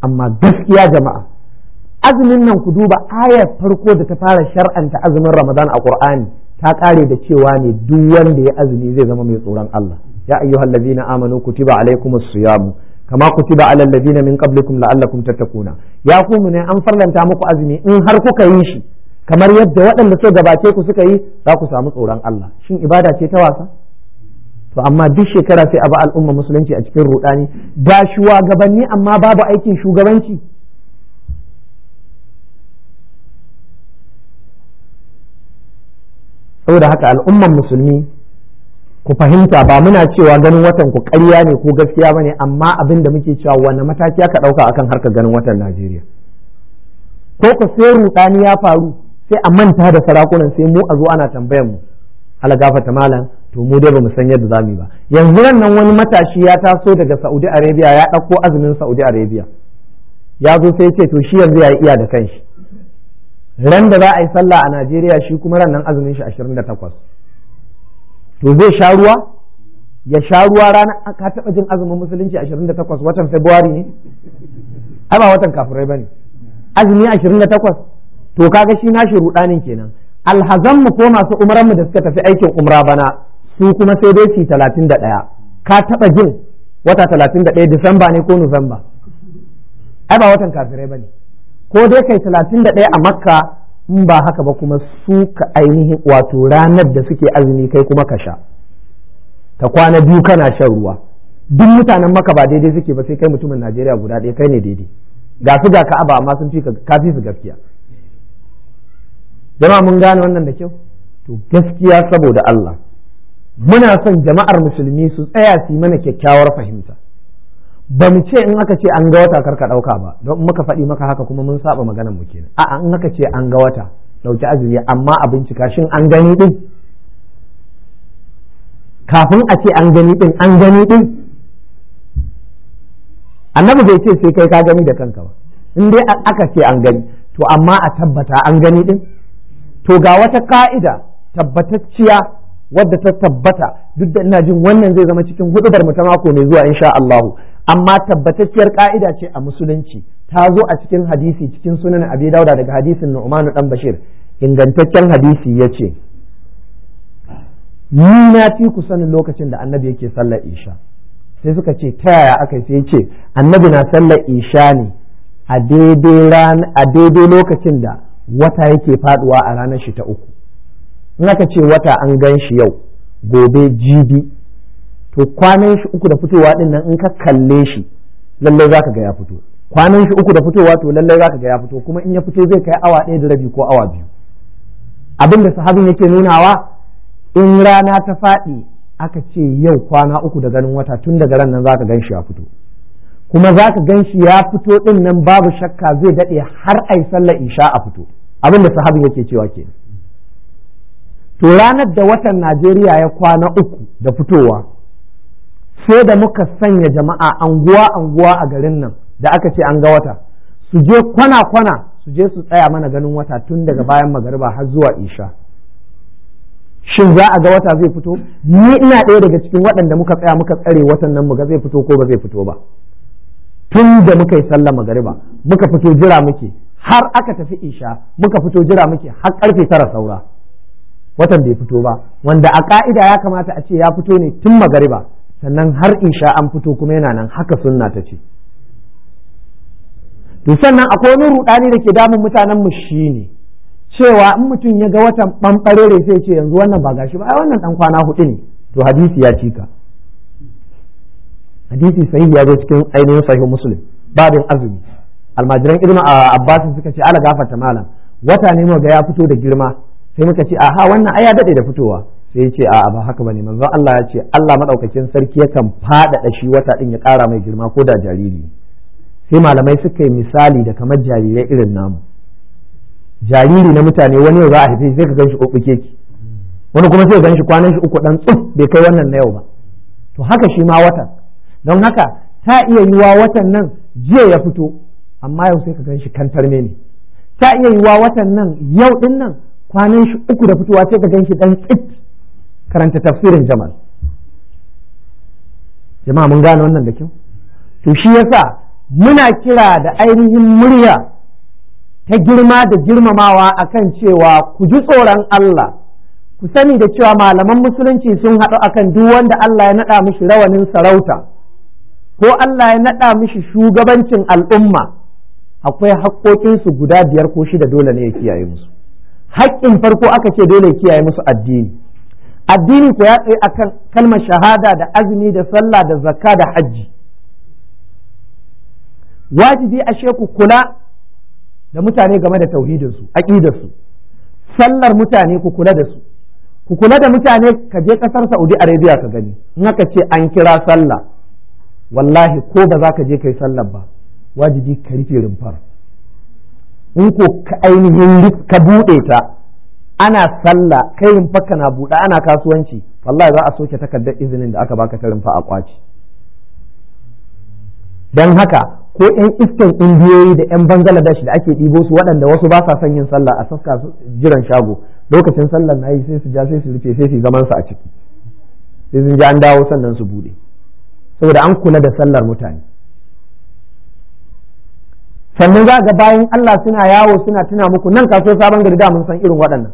amma gaskiya jama'a azumin nan ku duba ayar farko da ta fara shar'anta azumin ramadan a qur'ani ta kare da cewa ne duk wanda ya azumi zai zama mai tsoron Allah ya ayyuhal ladina amanu kutiba alaikumus siyamu kama kutiba alal ladina min qablikum la'allakum tattaquna ya ku ne an farlanta muku azumi in har kuka yi shi kamar yadda waɗanda suka gabace ku suka yi za ku samu tsoron Allah shin ibada ce ta wasa to amma duk shekara sai a ba al'umma musulunci a cikin rudani ba shugabanni amma babu aikin shugabanci saboda haka al'umman musulmi ku fahimta ba muna cewa ganin watan ku karya ne ko gaskiya bane amma abin da muke cewa wanne mataki aka ɗauka akan harkar ganin watan Najeriya ko ku sai rudani ya faru sai a manta da sarakunan sai mu a zo ana tambayar mu ala gafata malam to mu dai bamu san yadda zamu ba yanzu nan wani matashi ya taso daga Saudi Arabia ya dauko azumin Saudi Arabia ya zo sai ce to shi yanzu yayi iya da kanshi ran da za a yi sallah a Najeriya shi kuma ran nan azumin shi 28 to zai sha ruwa ya sha ruwa rana ka taɓa jin azumin musulunci 28 watan february ne ai ba watan kafirai bane azumi 28 to kaga shi nashi rudanin kenan alhazan mu ko masu mu da suka tafi aikin umra bana su kuma sai dai su talatin da ɗaya ka taɓa jin wata talatin da ɗaya disamba ne ko nuwamba ai ba watan kafirai ba ne ko dai kai talatin da ɗaya a makka in ba haka ba kuma su ka ainihin wato ranar da suke azumi kai kuma ka sha ta kwana biyu kana shan ruwa duk mutanen maka ba daidai suke ba sai kai mutumin najeriya guda ɗaya kai ne daidai ga su ga ka'aba amma sun fi ka fi su gaskiya jama'a mun gane wannan da kyau to gaskiya saboda Allah muna son jama'ar musulmi su tsaya su mana kyakkyawar fahimta ba mu ce in aka ce an ga wata karka ɗauka ba don muka faɗi maka haka kuma mun saba maganar mu kenan a in aka ce an ga wata dauki azumi amma a bincika shin an gani din kafin a ce an gani din an gani din annabi bai ce sai kai ka gani da kanka ba in dai aka ce an gani to amma a tabbata an gani din to ga wata ka'ida tabbatacciya wadda ta tabbata duk da ina jin wannan zai zama cikin hudubar mu ta mako mai zuwa insha Allahu amma tabbatacciyar ka'ida ce a musulunci ta zo a cikin hadisi cikin sunan abi dauda daga hadisin nu'manu dan bashir ingantaccen hadisi yace ni na fi ku sanin lokacin da annabi yake sallar isha sai suka ce ta yaya aka sai yace annabi na sallar isha ne a daidai lokacin da wata yake faduwa a ranar shi ta uku in aka ce wata an gan shi yau gobe jibi to kwanan shi uku da fitowa din nan in ka kalle shi lallai zaka ga ya fito kwanan shi uku da fitowa to lallai zaka ga ya fito kuma in ya fito zai kai awa ɗaya da rabi ko awa biyu abin da sahabin yake nunawa in rana ta faɗi aka ce yau kwana uku da ganin wata tun daga ran nan zaka gan shi ya fito kuma za ka gan shi ya fito ɗin nan babu shakka zai daɗe har ai sallar isha a fito abin da sahabin yake cewa ke. to ranar da watan najeriya ya kwana uku da fitowa sai da muka sanya jama'a anguwa anguwa a garin nan da aka ce an ga wata su je kwana kwana su je su tsaya mana ganin wata tun daga bayan magariba har zuwa isha shin za a ga wata zai fito ni ina ɗaya daga cikin waɗanda muka tsaya muka tsare watan nan ga zai fito ko ba zai fito ba tun da muka yi sallar magariba muka fito jira muke har aka tafi isha muka fito jira muke har karfe tara saura watan bai fito ba wanda a ka'ida ya kamata a ce ya fito ne tun magariba sannan har isha an fito kuma yana nan haka sunna ta ce to sannan akwai wani rudani da ke damun mutanen mu shine cewa in mutum ya ga watan ɓamɓarere sai ce yanzu wannan ba gashi ba ai wannan dan kwana hudu ne to hadisi ya cika hadisi sahihi ya zo cikin ainihin sahih muslim babin azumi almajiran ibnu ah, abbas suka ce ala gafarta malam wata ne mu ga ya fito da girma sai muka ce aha wannan aya dade da fitowa sai ya ce a ba haka bane manzo Allah ya ce Allah madaukakin sarki yakan faɗaɗa shi wata din ya kara mai girma ko da jariri sai malamai suka yi misali da kamar jarirai irin namu jariri na mutane wani yau za a haife sai ka ganshi shi ki wani kuma sai ka ganshi kwanan shi uku dan tsuf bai kai wannan na yau ba to haka shi ma wata. don haka ta iya yiwa watan nan jiya ya fito amma yau sai ka gan shi kantarme ne ta iya yiwa watan nan yau din nan kwanan shi uku da fitowa sai ka gan shi dan tsit karanta tafsirin jamal jama'a mun gane wannan da kyau to shi yasa muna kira da ainihin murya ta girma da girmamawa akan cewa ku ji tsoron Allah ku sani da cewa malaman musulunci sun haɗu akan duk wanda Allah ya naɗa mishi rawanin sarauta ko Allah ya naɗa mishi shugabancin al'umma akwai haƙƙoƙinsu guda biyar ko shida dole ne ya kiyaye musu haƙƙin farko aka ce dole ya kiyaye musu addini addini ko ya tsaye akan kalmar shahada da azumi da sallah da zakka da hajji wajibi ashe ku kula da mutane game da tauhidinsu aƙidarsu sallar mutane ku kula da su ku kula da mutane ka je ƙasar Saudi Arabia ka gani in ce an kira sallah wallahi ko ba za ka je kai sallar ba wajibi ka rufe rumfar in ko ka ainihin ka buɗe ta ana sallah kai rumfar ka na buɗe ana kasuwanci wallahi za a soke takardar izinin da aka baka ta rumfa a kwaci dan haka ko yan iskan indiyoyi da yan bangladesh da ake ɗibo su waɗanda wasu ba sa son yin sallah a saska jiran shago lokacin sallar na yi sai su ja sai su rufe sai su zaman su a ciki sai sun ji an dawo sannan su buɗe saboda an kula da sallar mutane sannan za ga bayan Allah suna yawo suna tuna muku nan kaso sabon gari da mun san irin waɗannan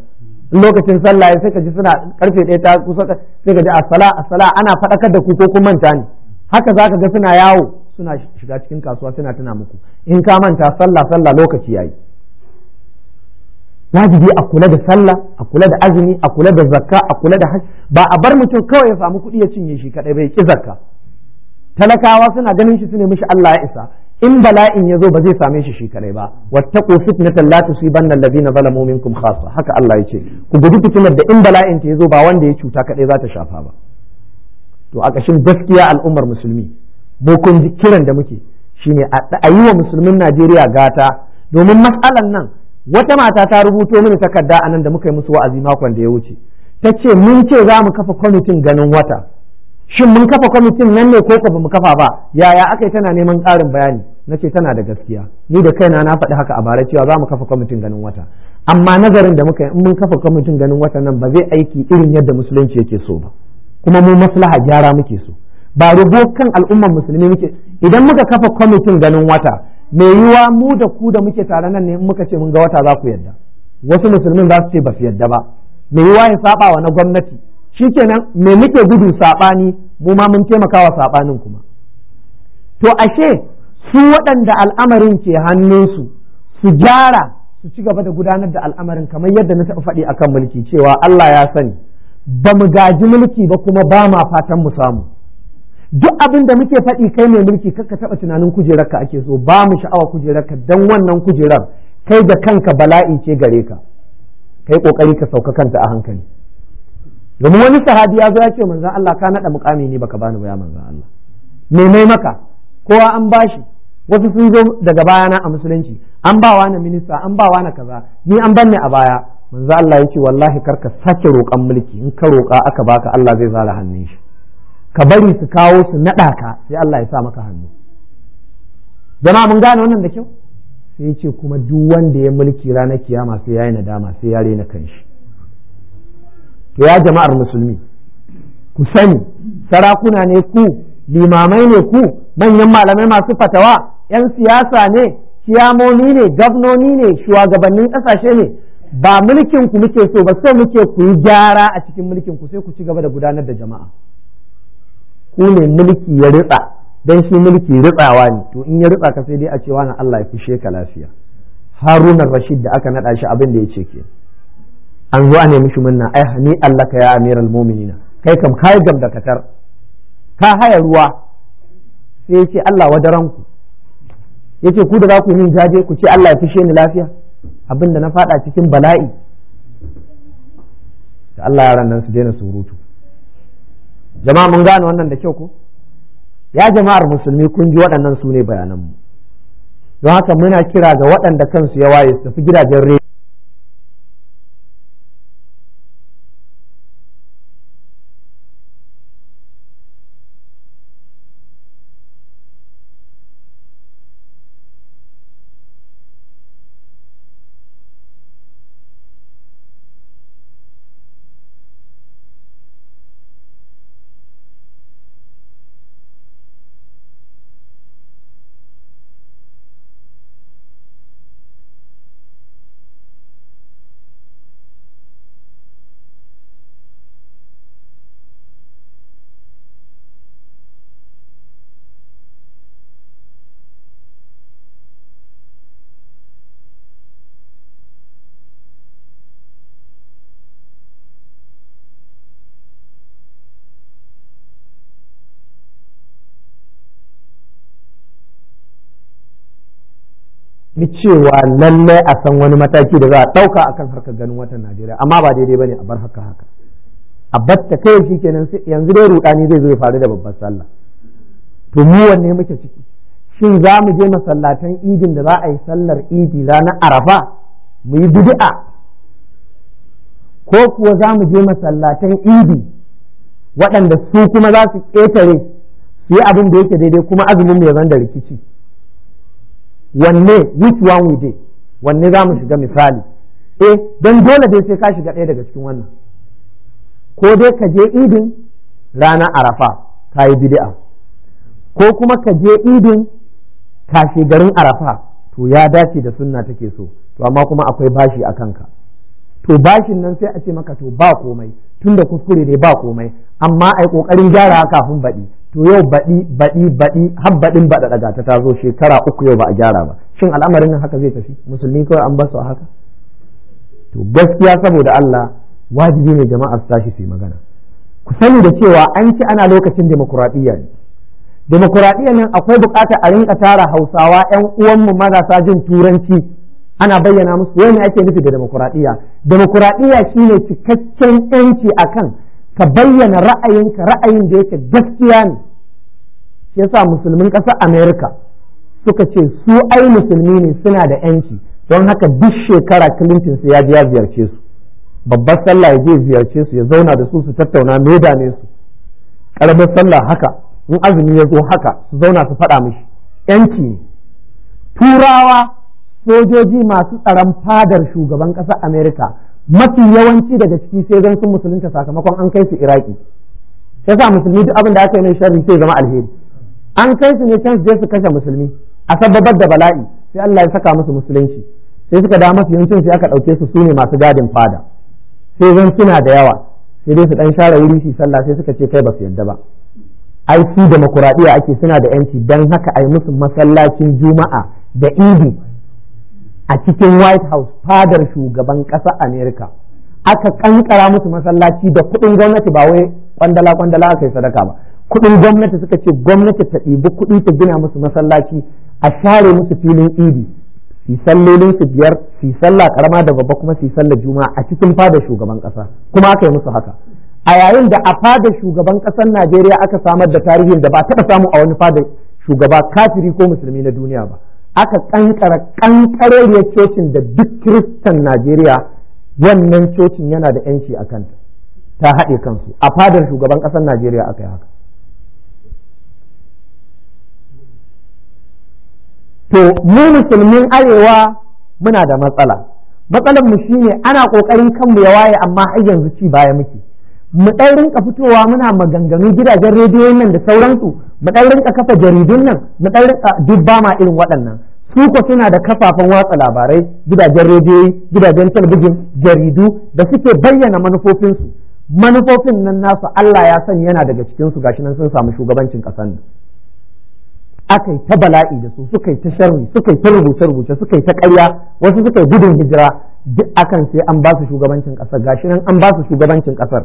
lokacin sallah ya sai ka ji suna karfe ɗaya ta kusa sai ka ji asala asala ana faɗakar da ku ko kun manta ne haka za ka ga suna yawo suna shiga cikin kasuwa suna tuna muku in ka manta sallah sallah lokaci yayi wajibi a kula da sallah a kula da azumi a kula da zakka a kula da hajji ba a bar mutum kawai ya samu kuɗi ya cinye shi kadai bai ki zakka talakawa suna ganin shi su ne mishi Allah ya isa in bala'in ya zo ba zai same shi shi kadai ba wattaqu fitnatan la tusibanna alladhina zalamu minkum khassa haka Allah ya ce ku guji fitinar da in bala'in ta zo ba wanda ya cuta kadai za ta shafa ba to a ƙashin gaskiya al'ummar musulmi mu kun ji kiran da muke shine a yi wa musulmin Najeriya gata domin matsalan nan wata mata ta rubuto mini takarda a nan da muka yi musu wa'azi makon da ya wuce ta ce mun ce za mu kafa kwamitin ganin wata shin mun kafa kwamitin nan ne ko ba mu kafa ba yaya aka yi tana neman ƙarin bayani na ce tana da gaskiya ni da kaina na faɗi haka a bara cewa za mu kafa kwamitin ganin wata amma nazarin da muka yi in mun kafa kwamitin ganin wata nan ba zai aiki irin yadda musulunci yake so ba kuma mu maslaha gyara muke so ba rubo kan al'ummar musulmi muke idan muka kafa kwamitin ganin wata mai yiwa mu da ku da muke tare nan ne in muka ce mun ga wata za ku yadda wasu musulmin za su ce ba su yadda ba mai yiwa ya saba wa na gwamnati shikenan me muke gudu saɓani mu ma mun taimakawa saɓanin kuma to ashe su waɗanda al'amarin ke hannunsu su gyara su ci gaba da gudanar da al'amarin kamar yadda na taɓa faɗi akan mulki cewa Allah ya sani ba mu gaji mulki ba kuma ba ma fatan mu samu duk abin da muke faɗi kai mai mulki ka taɓa tunanin kujerar ka ake so ba mu sha'awa kujerar ka dan wannan kujerar kai da kanka bala'i ce gare ka kai ƙoƙari ka sauka kanta a hankali domin wani sahabi ya zo ya ce manzon Allah ka naɗa mukami ne baka bani ba ya Allah me mai maka kowa an ba shi wasu sun zo daga bayana a musulunci an ba wa na minista an ba wa na kaza ni an banne a baya manzo Allah ya ce wallahi ka sake roƙan mulki in ka roƙa aka baka Allah zai zara hannun shi ka bari su kawo su naɗa ka sai Allah ya sa maka hannu jama'a mun gane wannan da kyau sai ya ce kuma duk wanda ya mulki ranar kiyama sai ya yi nadama sai ya rena kanshi to ya jama'ar musulmi ku sani sarakuna ne ku limamai ne ku manyan malamai masu fatawa 'yan siyasa ne kiyamomi ne gabnoni ne shugabannin ƙasashe ne ba mulkin ku muke so ba sai muke ku yi gyara a cikin mulkin ku sai ku ci gaba da gudanar da jama'a ku ne mulki ya ritsa dan shi mulki ritsawa ne to in ya ritsa ka sai dai a cewa na Allah ya fi ka lafiya Haruna Rashid da aka naɗa shi abin da ya ce kenan an zo ne mishi munna ai eh, ni Allah ka ya amiral mu'minina kai kam kai gam da katar ka haya ruwa sai ya ce Allah wadaran ya ce ku da za ku min jaje ku ce Allah ya fishe ni lafiya abinda na fada cikin bala'i da Allah ya nan su daina surutu jama'a mun gane wannan da kyau ko ya jama'ar musulmi kun ji waɗannan su ne bayananmu don haka muna kira ga waɗanda kansu ya waye su tafi gidajen rediyo ni cewa lallai a san wani mataki da za a ɗauka akan harkar ganin watan Najeriya amma ba daidai bane a bar haka haka a batta kai shi kenan yanzu dai rudani zai zo ya faru da babbar sallah to mu wanne muke ciki shin za mu je masallatan idin da za a yi sallar idi ranar arafa mu yi bid'a ko kuwa za mu je masallatan idi waɗanda su kuma za su ƙetare su yi abin da yake daidai kuma azumin mai zan da rikici wanne which one we did wanne za mu shiga misali eh don dole dai sai ka shiga ɗaya daga cikin wannan ko dai ka je idin rana arafa ka yi bid'a ko kuma ka je idin kashe garin arafa to ya dace da sunna take so to amma kuma akwai bashi a kanka to bashin nan sai a ce maka to ba komai tunda kuskure ne ba komai amma ai kokarin gyara kafin baɗi to yau baɗi baɗi baɗi har baɗin baɗa daga ta ta zo shekara uku yau ba a gyara ba shin al'amarin nan haka zai tafi musulmi kawai an basu a haka to gaskiya saboda Allah wajibi ne jama'a su tashi su yi magana ku sani da cewa an ci ana lokacin demokuraɗiyya ne demokuraɗiyya nan akwai buƙatar a rinka tara hausawa 'yan uwanmu marasa jin turanci ana bayyana musu wani ake nufi da demokuraɗiyya demokuraɗiyya shine cikakken yanci akan ka bayyana ra'ayinka ra'ayin da yake gaskiya ne shi yasa musulmin ƙasar amerika suka ce su ai musulmi ne suna da yanci don haka duk shekara clinton sai ya je ya ziyarce su babbar sallah ya je ziyarce su ya zauna da su su tattauna me da ne su karamar sallah haka in azumi ya zo haka su zauna su faɗa mishi yanci ne turawa sojoji masu tsaron fadar shugaban ƙasar amerika mafi yawanci daga ciki sai zan sun musulunta sakamakon an kai su iraki sai sa musulmi duk abin da aka yi mai sharri sai zama alheri an kai su ne can su je su kashe musulmi a sababbar da bala'i sai Allah ya saka musu musulunci sai suka da mafi yawancin sai aka ɗauke su sune masu gadin fada sai zan suna da yawa sai dai su dan share wuri shi sallah sai suka ce kai ba su yadda ba ai su demokuraɗiyya ake suna da yanci dan haka ai musu masallacin juma'a da idi a cikin white house fadar shugaban ƙasa amerika aka kankara musu masallaci da kuɗin gwamnati ba wai kwandala kwandala aka yi sadaka ba kuɗin gwamnati suka ce gwamnati ta ɗibi kuɗi ta gina musu masallaci a share musu filin idi si sallolin su biyar si sallah karama da babba kuma si sallar juma a cikin fadar shugaban ƙasa kuma aka yi musu haka a yayin da a fadar shugaban ƙasar Najeriya aka samar da tarihin da ba taɓa samu a wani fadar shugaba kafiri ko musulmi na duniya ba aka kankara ne cocin da duk kiristan najeriya wannan cocin yana da yanci a kanta ta haɗe kansu a fadar shugaban ƙasar najeriya aka yi haka to mu musulmin arewa muna da matsala matsalar mu shine ana ƙoƙarin kanmu ya waye amma har yanzu ci baya muke mu ɗan rinka fitowa muna maganganu gidajen rediyoyin nan da sauransu mu ɗan rinka kafa jaridun nan mu ɗan rinka duk ba ma irin waɗannan su ko suna da kafafen watsa labarai gidajen rediyoyi gidajen talabijin jaridu da suke bayyana manufofinsu manufofin nan nasu Allah ya san yana daga cikinsu gashi nan sun samu shugabancin ƙasar nan aka ta bala'i da su suka yi ta sharri suka yi ta rubuce-rubuce suka yi ta ƙarya wasu suka yi gudun hijira duk akan sai an ba su shugabancin ƙasar gashi nan an ba su shugabancin ƙasar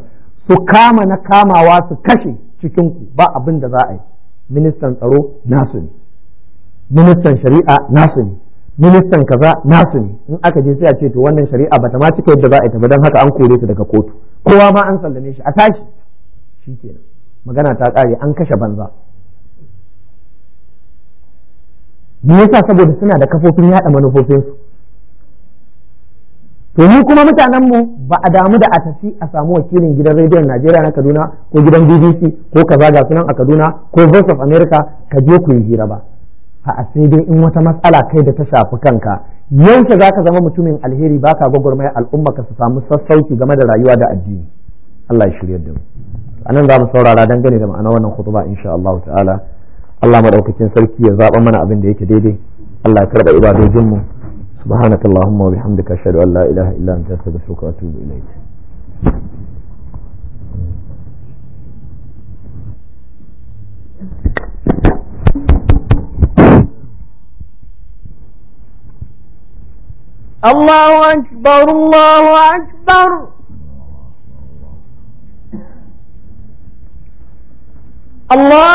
su kama na kamawa su kashe cikinku ba abin da za a yi ministan tsaro nasu ne ministan shari'a nasu ne ministan kaza nasu ne in aka je sai a ce to wannan shari'a bata ma cika yadda za a yi ta ba don haka an kore ta daga kotu kowa ma an sallame shi a tashi shikenan magana ta kare an kashe banza me yasa saboda suna da kafofin yada manufofinsu to mu kuma mutanen mu ba a damu da a tafi a samu wakilin gidan rediyon Najeriya na Kaduna ko gidan BBC ko kaza ga sunan a Kaduna ko Voice of America ka je ku yi hira ba a sai dai in wata matsala kai da ta shafi kanka yanke za ka zama mutumin alheri ba ka gwagwarmaya al'umma ka su samu sassauci game da rayuwa da addini Allah ya shirya da mu a nan za mu saurara dangane da ma'ana wannan khutba insha Allah ta'ala Allah madaukakin sarki ya zaba mana abin da yake daidai Allah ya karba ibadojin mu سبحانك اللهم وبحمدك أشهد أن لا إله إلا أنت أستغفرك وأتوب إليك الله أكبر الله أكبر الله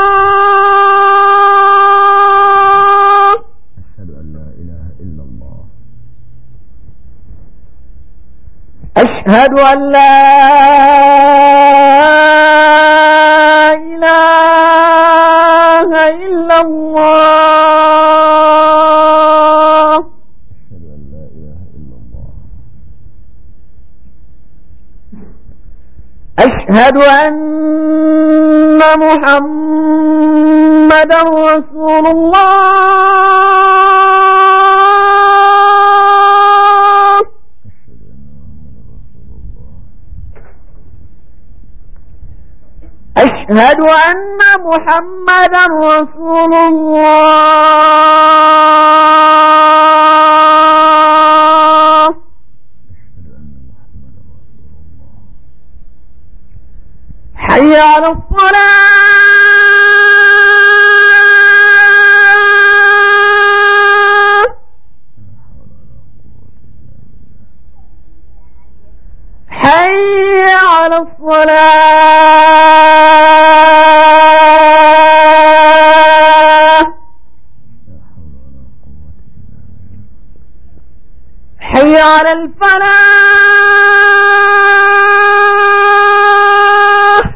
وأشهد أن لا إله إلا الله أشهد أن لا إله إلا الله أشهد أن محمد رسول الله أشهد أن محمدا رسول الله حي على الصلاة حي على الصلاة حي على الفلاح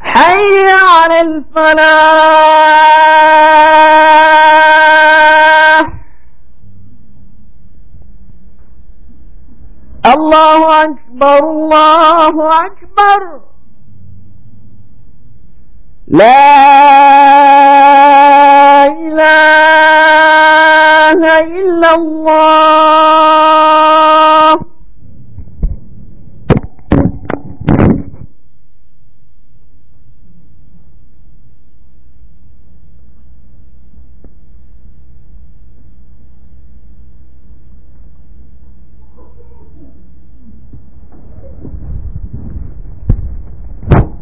حي على الفلاح الله أكبر الله أكبر لا إله إلا الله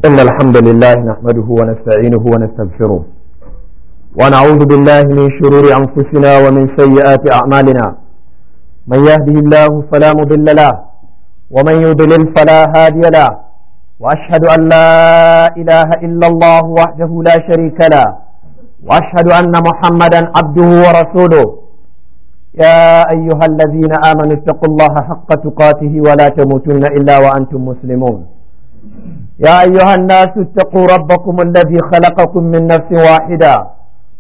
إن الحمد لله نحمده ونستعينه ونستغفره ونعوذ بالله من شرور أنفسنا ومن سيئات أعمالنا من يهده الله فلا مضل له ومن يضلل فلا هادي له وأشهد أن لا إله إلا الله وحده لا شريك له وأشهد أن محمدا عبده ورسوله يا أيها الذين آمنوا اتقوا الله حق تقاته ولا تموتن إلا وأنتم مسلمون يا أيها الناس اتقوا ربكم الذي خلقكم من نفس واحدة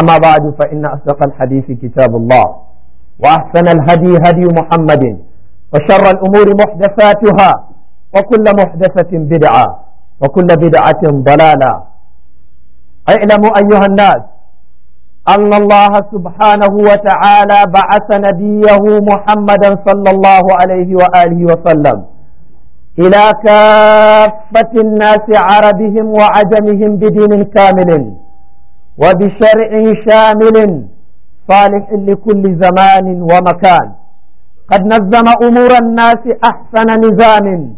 أما بعد فإن أصدق الحديث كتاب الله وأحسن الهدي هدي محمد وشر الأمور محدثاتها وكل محدثة بدعة وكل بدعة ضلالة اعلموا أيها الناس أن الله سبحانه وتعالى بعث نبيه محمدا صلى الله عليه وآله وسلم إلى كافة الناس عربهم وعجمهم بدين كامل وبشرع شامل صالح لكل زمان ومكان قد نظم أمور الناس أحسن نظام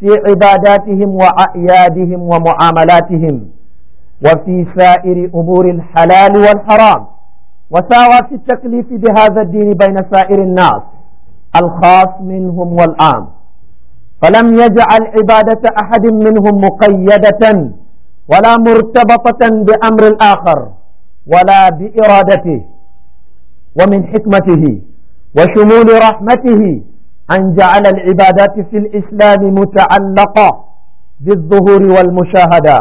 في عباداتهم وأعيادهم ومعاملاتهم وفي سائر أمور الحلال والحرام وساوى في التكليف بهذا الدين بين سائر الناس الخاص منهم والعام فلم يجعل عبادة أحد منهم مقيدة ولا مرتبطة بأمر الآخر ولا بإرادته ومن حكمته وشمول رحمته أن جعل العبادات في الإسلام متعلقة بالظهور والمشاهدة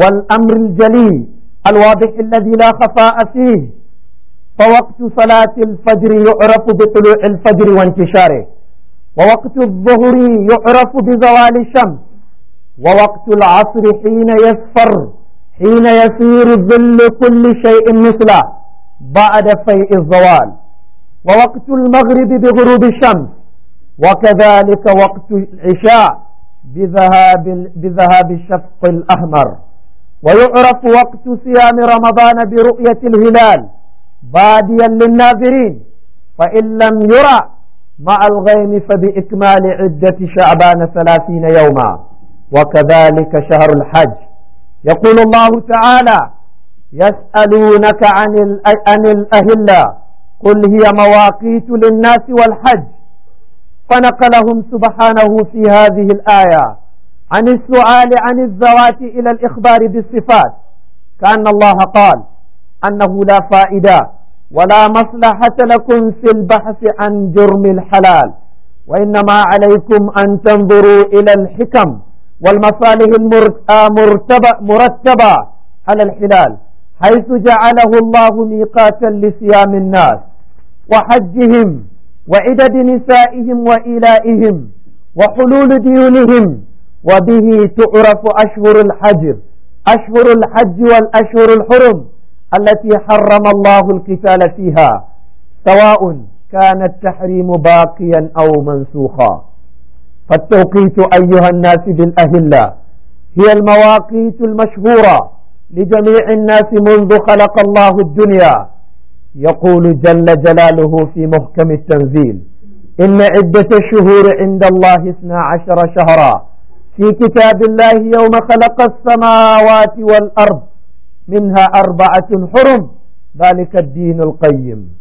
والأمر الجلي الواضح الذي لا خفاء فيه فوقت صلاة الفجر يعرف بطلوع الفجر وانتشاره ووقت الظهر يعرف بزوال الشمس ووقت العصر حين يسفر حين يسير ظل كل شيء مثله بعد فيء الزوال ووقت المغرب بغروب الشمس وكذلك وقت العشاء بذهاب, بذهاب الشفق الأحمر ويعرف وقت صيام رمضان برؤية الهلال باديا للناظرين فإن لم يرى مع الغيم فبإكمال عدة شعبان ثلاثين يوما وكذلك شهر الحج يقول الله تعالى يسألونك عن عن الأهلة قل هي مواقيت للناس والحج فنقلهم سبحانه في هذه الآية عن السؤال عن الزوات إلى الإخبار بالصفات كأن الله قال أنه لا فائدة ولا مصلحة لكم في البحث عن جرم الحلال وإنما عليكم أن تنظروا إلى الحكم والمصالح آه، مرتبة على الحلال حيث جعله الله ميقاتا لصيام الناس وحجهم وعدد نسائهم وإلائهم وحلول ديونهم وبه تعرف أشهر الحج أشهر الحج والأشهر الحرم التي حرم الله القتال فيها سواء كان التحريم باقيا أو منسوخا فالتوقيت أيها الناس بالأهلة هي المواقيت المشهورة لجميع الناس منذ خلق الله الدنيا يقول جل جلاله في محكم التنزيل إن عدة الشهور عند الله اثنا عشر شهرا في كتاب الله يوم خلق السماوات والأرض منها أربعة حرم ذلك الدين القيم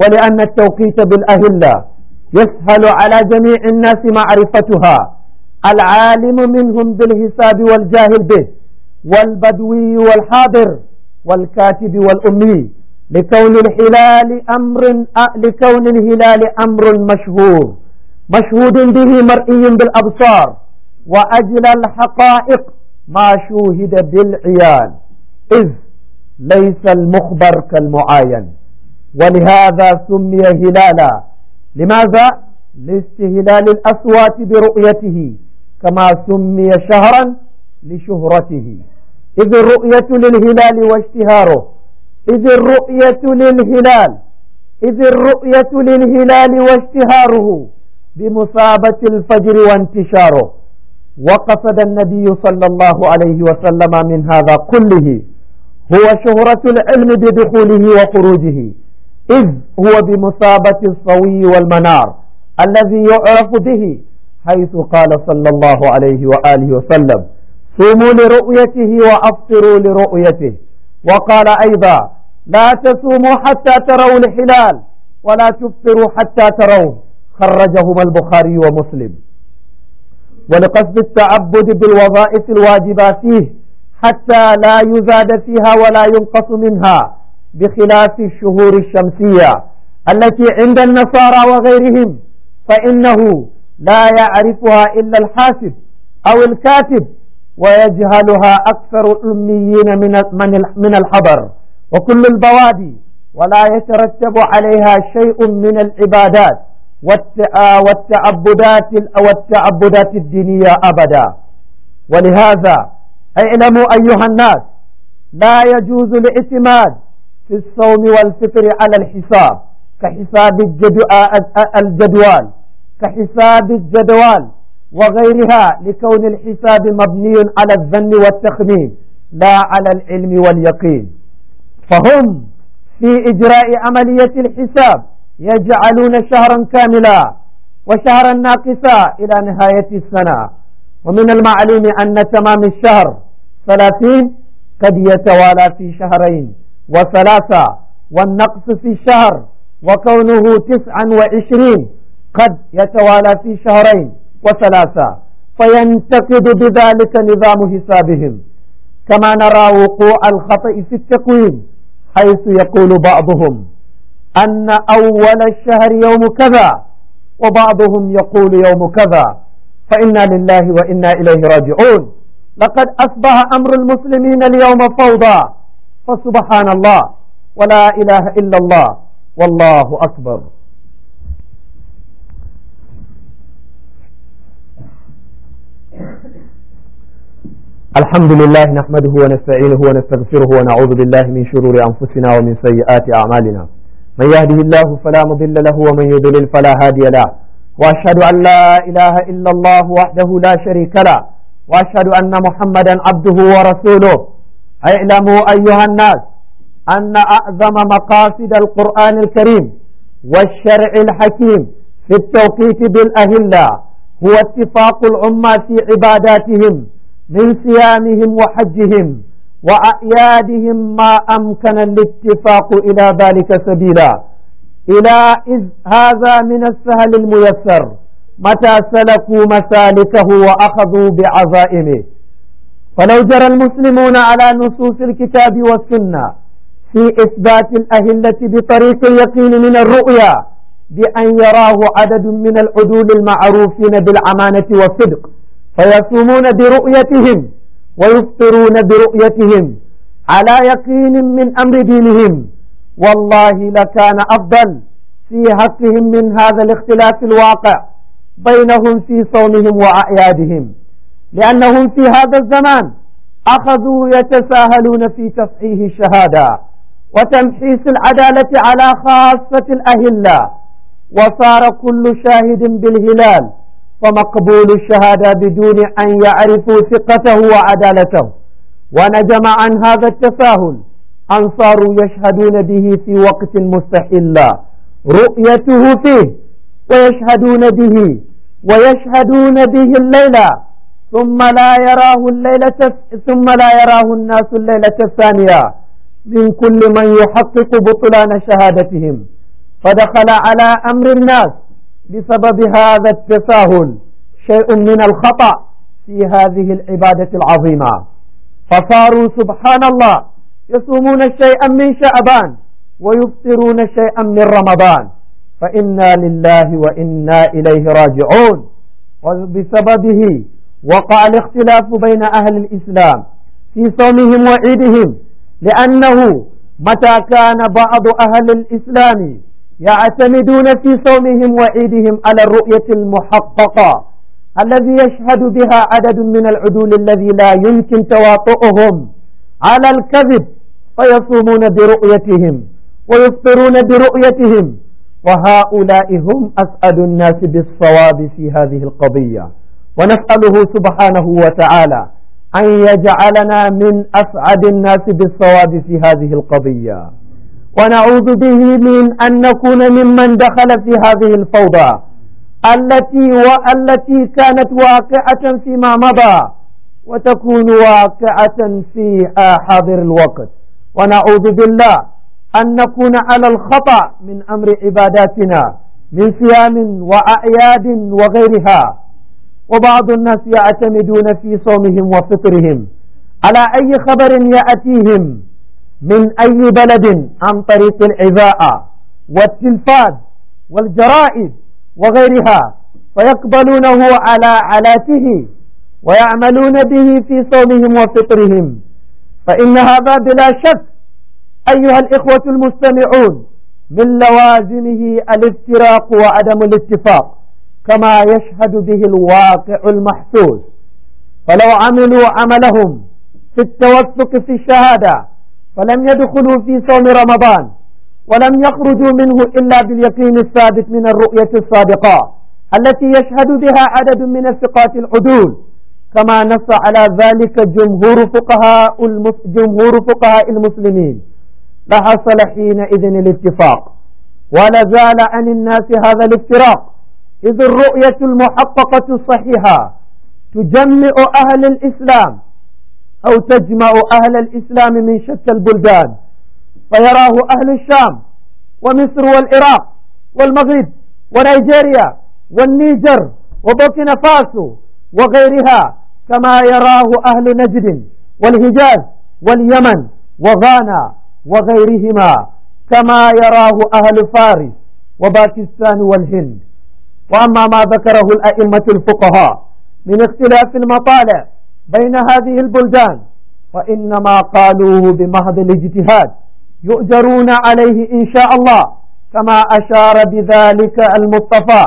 ولأن التوقيت بالأهلة يسهل على جميع الناس معرفتها العالم منهم بالحساب والجاهل به والبدوي والحاضر والكاتب والأمي لكون الهلال أمر لكون الهلال أمر مشهور مشهود به مرئي بالأبصار وأجل الحقائق ما شوهد بالعيان إذ ليس المخبر كالمعاين ولهذا سمي هلالا لماذا؟ لاستهلال الأصوات برؤيته كما سمي شهرا لشهرته إذ الرؤية للهلال واشتهاره إذ الرؤية للهلال إذ الرؤية للهلال واشتهاره بمصابة الفجر وانتشاره وقصد النبي صلى الله عليه وسلم من هذا كله هو شهرة العلم بدخوله وخروجه إذ هو بمثابة الصوي والمنار الذي يعرف به حيث قال صلى الله عليه وآله وسلم صوموا لرؤيته وأفطروا لرؤيته وقال أيضا لا تصوموا حتى تروا الحلال ولا تفطروا حتى تروه خرجهما البخاري ومسلم ولقصد التعبد بالوظائف الواجبة فيه حتى لا يزاد فيها ولا ينقص منها بخلاف الشهور الشمسية التي عند النصارى وغيرهم فإنه لا يعرفها إلا الحاسب أو الكاتب ويجهلها أكثر الأميين من من الحضر وكل البوادي ولا يترتب عليها شيء من العبادات والتعبدات والتعبدات الدينية أبدا ولهذا اعلموا أيها الناس لا يجوز الاعتماد في الصوم والفطر على الحساب كحساب الجدوان كحساب الجدوان وغيرها لكون الحساب مبني على الظن والتخمين لا على العلم واليقين فهم في إجراء عملية الحساب يجعلون شهرا كاملا وشهرا ناقصا إلى نهاية السنة ومن المعلوم أن تمام الشهر ثلاثين قد يتوالى في شهرين وثلاثة والنقص في الشهر وكونه تسعا وعشرين قد يتوالى في شهرين وثلاثة فينتقد بذلك نظام حسابهم كما نرى وقوع الخطأ في التقويم حيث يقول بعضهم أن أول الشهر يوم كذا وبعضهم يقول يوم كذا فإنا لله وإنا إليه راجعون لقد أصبح أمر المسلمين اليوم فوضى فسبحان الله ولا إله إلا الله والله أكبر الحمد لله نحمده ونستعينه ونستغفره ونعوذ بالله من شرور أنفسنا ومن سيئات أعمالنا من يهده الله فلا مضل له ومن يضلل فلا هادي له وأشهد أن لا إله إلا الله وحده لا شريك له وأشهد أن محمدا عبده ورسوله اعلموا أيها الناس أن أعظم مقاصد القرآن الكريم والشرع الحكيم في التوقيت بالأهلة هو اتفاق العمة في عباداتهم من صيامهم وحجهم وأعيادهم ما أمكن الاتفاق إلى ذلك سبيلا إلى إذ هذا من السهل الميسر متى سلكوا مسالكه وأخذوا بعزائمه فلو جرى المسلمون على نصوص الكتاب والسنة في إثبات الأهلة بطريق اليقين من الرؤيا بأن يراه عدد من العدول المعروفين بالأمانة والصدق فيصومون برؤيتهم ويفطرون برؤيتهم على يقين من أمر دينهم والله لكان أفضل في حقهم من هذا الاختلاف الواقع بينهم في صومهم وأعيادهم لأنهم في هذا الزمان أخذوا يتساهلون في تصحيح الشهادة وتمحيص العدالة على خاصة الأهلة وصار كل شاهد بالهلال فمقبول الشهادة بدون أن يعرفوا ثقته وعدالته ونجم عن هذا التساهل أن صاروا يشهدون به في وقت مستحلا رؤيته فيه ويشهدون به ويشهدون به الليلة ثم لا يراه الليلة ثم لا يراه الناس الليلة الثانية من كل من يحقق بطلان شهادتهم فدخل على أمر الناس بسبب هذا التساهل شيء من الخطأ في هذه العبادة العظيمة فصاروا سبحان الله يصومون شيئا من شعبان ويفطرون شيئا من رمضان فإنا لله وإنا إليه راجعون وبسببه وقع الاختلاف بين أهل الإسلام في صومهم وعيدهم لأنه متى كان بعض أهل الإسلام يعتمدون في صومهم وعيدهم على الرؤية المحققة الذي يشهد بها عدد من العدول الذي لا يمكن تواطؤهم على الكذب فيصومون برؤيتهم ويفطرون برؤيتهم وهؤلاء هم أسعد الناس بالصواب في هذه القضية ونسأله سبحانه وتعالى أن يجعلنا من أسعد الناس بالصواب في هذه القضية ونعوذ به من أن نكون ممن دخل في هذه الفوضى التي والتي كانت واقعة فيما مضى وتكون واقعة في حاضر الوقت ونعوذ بالله أن نكون على الخطأ من أمر عباداتنا من صيام وأعياد وغيرها وبعض الناس يعتمدون في صومهم وفطرهم على أي خبر يأتيهم من أي بلد عن طريق الإذاعة والتلفاز والجرائد وغيرها فيقبلونه على علاته ويعملون به في صومهم وفطرهم فإن هذا بلا شك أيها الإخوة المستمعون من لوازمه الافتراق وعدم الاتفاق كما يشهد به الواقع المحسوس فلو عملوا عملهم في التوثق في الشهادة فلم يدخلوا في صوم رمضان ولم يخرجوا منه إلا باليقين الثابت من الرؤية السابقة التي يشهد بها عدد من الثقات العدول كما نص على ذلك جمهور فقهاء جمهور فقهاء المسلمين لحصل حينئذ الاتفاق ولزال عن الناس هذا الافتراق إذ الرؤية المحققة الصحيحة تجمع أهل الإسلام أو تجمع أهل الإسلام من شتى البلدان فيراه أهل الشام ومصر والعراق والمغرب ونيجيريا والنيجر وبوركينا فاسو وغيرها كما يراه أهل نجد والحجاز واليمن وغانا وغيرهما كما يراه أهل فارس وباكستان والهند وأما ما ذكره الأئمة الفقهاء من اختلاف المطالع بين هذه البلدان وإنما قالوه بمهض الاجتهاد يؤجرون عليه إن شاء الله كما أشار بذلك المصطفى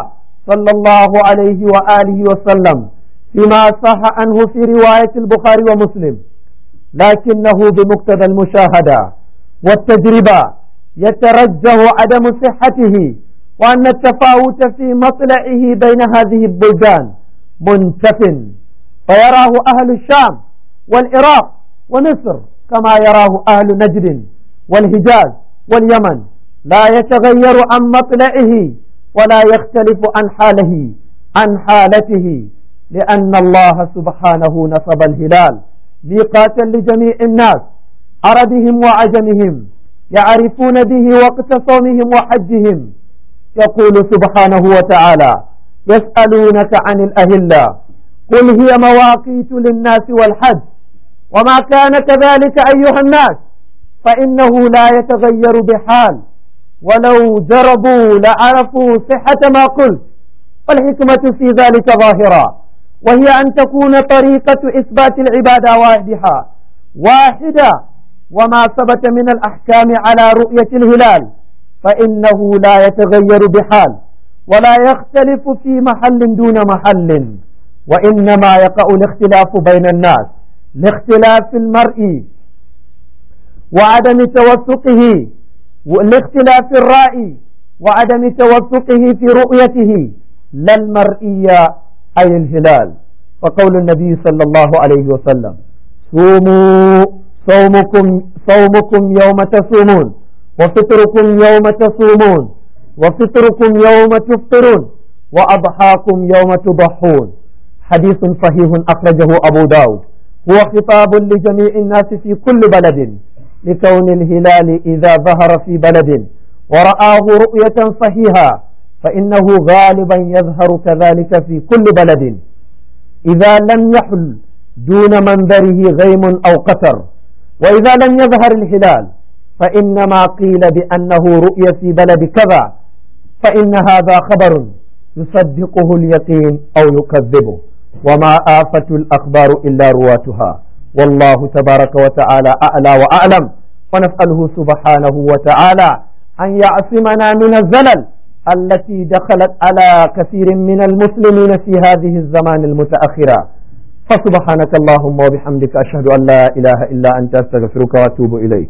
صلى الله عليه وآله وسلم فيما صح عنه في رواية البخاري ومسلم لكنه بمقتضى المشاهدة والتجربة يترجه عدم صحته وأن التفاوت في مطلعه بين هذه البلدان منتف فيراه أهل الشام والعراق ومصر كما يراه أهل نجد والحجاز واليمن لا يتغير عن مطلعه ولا يختلف عن حاله عن حالته لأن الله سبحانه نصب الهلال ميقاتا لجميع الناس عربهم وعجمهم يعرفون به وقت صومهم وحجهم يقول سبحانه وتعالى يسألونك عن الأهلة قل هي مواقيت للناس والحج وما كان كذلك أيها الناس فإنه لا يتغير بحال ولو جربوا لعرفوا صحة ما قلت والحكمة في ذلك ظاهرة وهي أن تكون طريقة إثبات العبادة واحدها واحدة وما ثبت من الأحكام على رؤية الهلال فإنه لا يتغير بحال ولا يختلف في محل دون محل وإنما يقع الاختلاف بين الناس لاختلاف المرء وعدم توثقه لاختلاف الرأي وعدم توثقه في رؤيته لا المرئية أي الهلال فقول النبي صلى الله عليه وسلم صوموا صومكم صومكم يوم تصومون وفطركم يوم تصومون وفطركم يوم تفطرون وأضحاكم يوم تضحون حديث صحيح أخرجه أبو داود هو خطاب لجميع الناس في كل بلد لكون الهلال إذا ظهر في بلد ورآه رؤية صحيحة فإنه غالبا يظهر كذلك في كل بلد إذا لم يحل دون منبره غيم أو قتر وإذا لم يظهر الهلال فإنما قيل بأنه رؤية في بلد كذا فإن هذا خبر يصدقه اليقين أو يكذبه وما آفة الأخبار إلا رواتها والله تبارك وتعالى أعلى وأعلم ونسأله سبحانه وتعالى أن يعصمنا من الزلل التي دخلت على كثير من المسلمين في هذه الزمان المتأخرة فسبحانك اللهم وبحمدك أشهد أن لا إله إلا أنت أستغفرك وأتوب إليك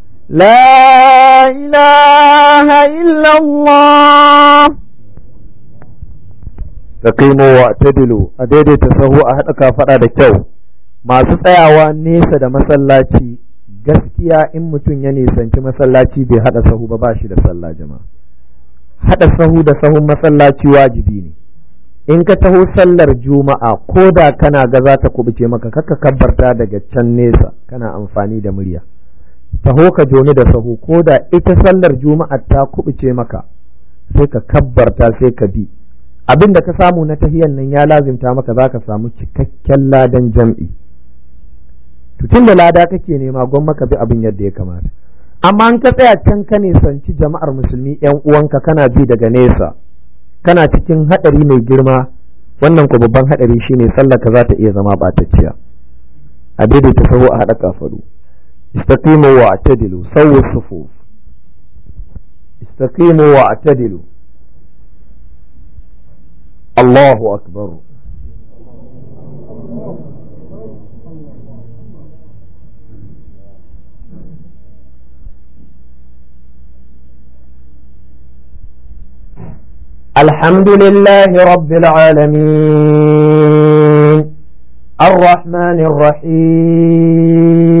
لا إله إلا الله تقيموا واعتدلوا أديدي تسهو أحد كافر دكتو masu tsayawa nesa da masallaci gaskiya in mutum ya nisanci masallaci bai haɗa sahu ba ba shi da sallah jama'a haɗa sahu da sahun masallaci wajibi ne in ka taho sallar juma'a ko da kana ga za ta kubuce maka ka kabbarta daga can nesa kana amfani da murya taho ka joni da sahu ko da ita sallar juma'a ta kubuce maka sai ka kabbarta sai ka bi abin da ka samu na tahiyan nan ya lazimta maka za ka samu cikakken ladan jam'i tun da lada kake nema gwamma ka bi abin yadda ya kamata amma in ka tsaya can ka ne sanci jama'ar musulmi yan uwanka kana bi daga nesa kana cikin haɗari mai girma wannan ku babban haɗari shine sallar ka za ta iya zama batacciya a daidaita sahu a haɗa kafaɗo. استقيموا واعتدلوا سووا الصفوف استقيموا واعتدلوا الله أكبر الحمد لله رب العالمين الرحمن الرحيم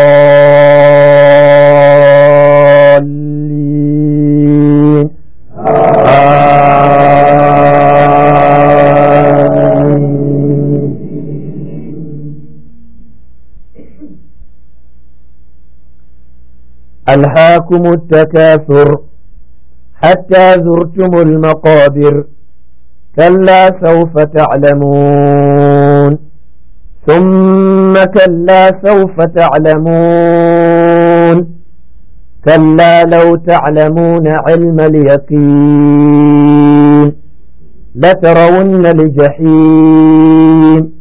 ألهاكم التكاثر حتى زرتم المقابر كلا سوف تعلمون ثم كلا سوف تعلمون كلا لو تعلمون علم اليقين لترون الجحيم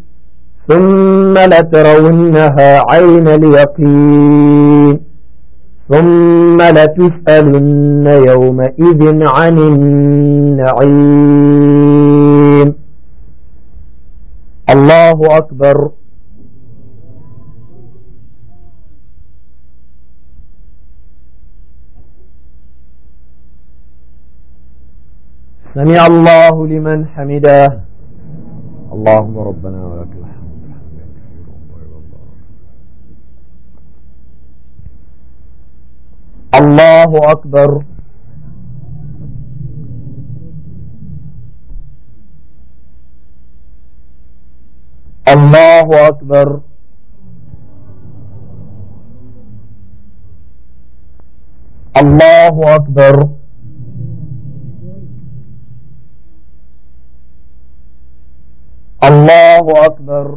ثم لترونها عين اليقين ثم لتسألن يومئذ عن النعيم الله أكبر سمع الله لمن حمده اللهم ربنا اللہ اکبر اللہ اکبر اللہ اکبر اللہ اکبر ہوا در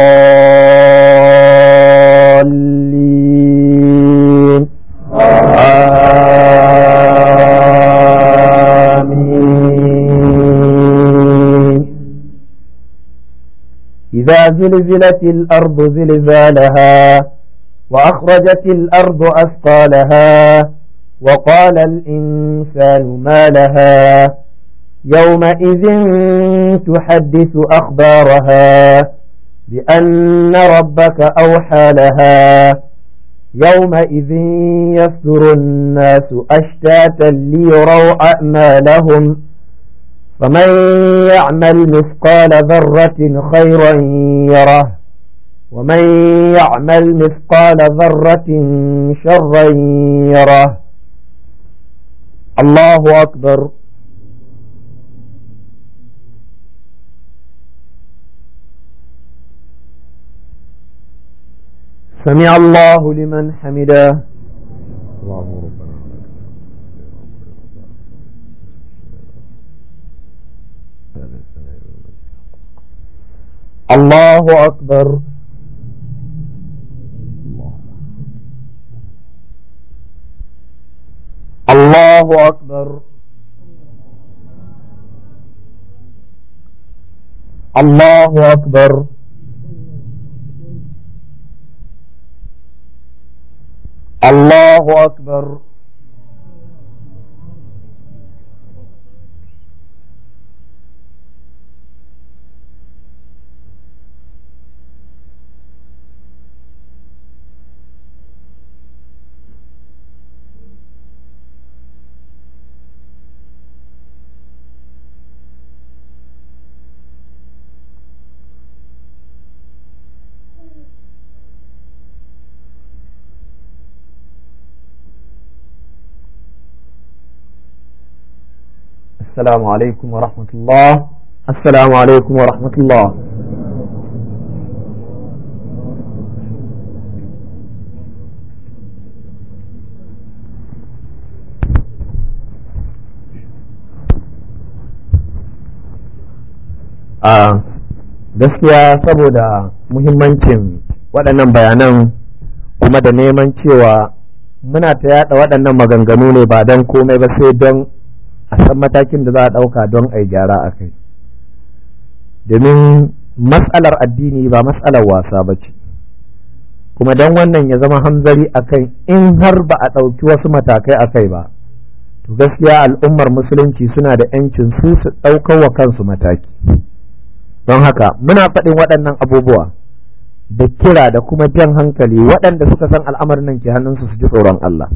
إذا زلزلت الأرض زلزالها وأخرجت الأرض أثقالها وقال الإنسان ما لها يومئذ تحدث أخبارها بأن ربك أوحى لها يومئذ يفتر الناس أشتاتا ليروا أعمالهم ومن يعمل مثقال ذرة خيرا يره ومن يعمل مثقال ذرة شرا يره الله أكبر سمع الله لمن حمده الله اللہ ہو اکبر اللہ اکبر اللہ اکبر اللہ اکبر السلام عليكم ورحمة الله السلام عليكم ورحمة الله a gaskiya saboda muhimmancin waɗannan bayanan kuma da neman cewa muna ta yada waɗannan maganganu ne ba don komai ba sai don a san matakin da za a ɗauka don a yi gyara a kai domin matsalar addini ba matsalar wasa ba ce kuma don wannan ya zama hanzari a kai in har ba a ɗauki wasu matakai a kai ba to gaskiya al'ummar musulunci suna da 'yancin su su ɗaukar wa kansu mataki don haka muna faɗin waɗannan abubuwa da kira da kuma jan hankali waɗanda suka san al'amarin nan ke hannunsu su ji tsoron Allah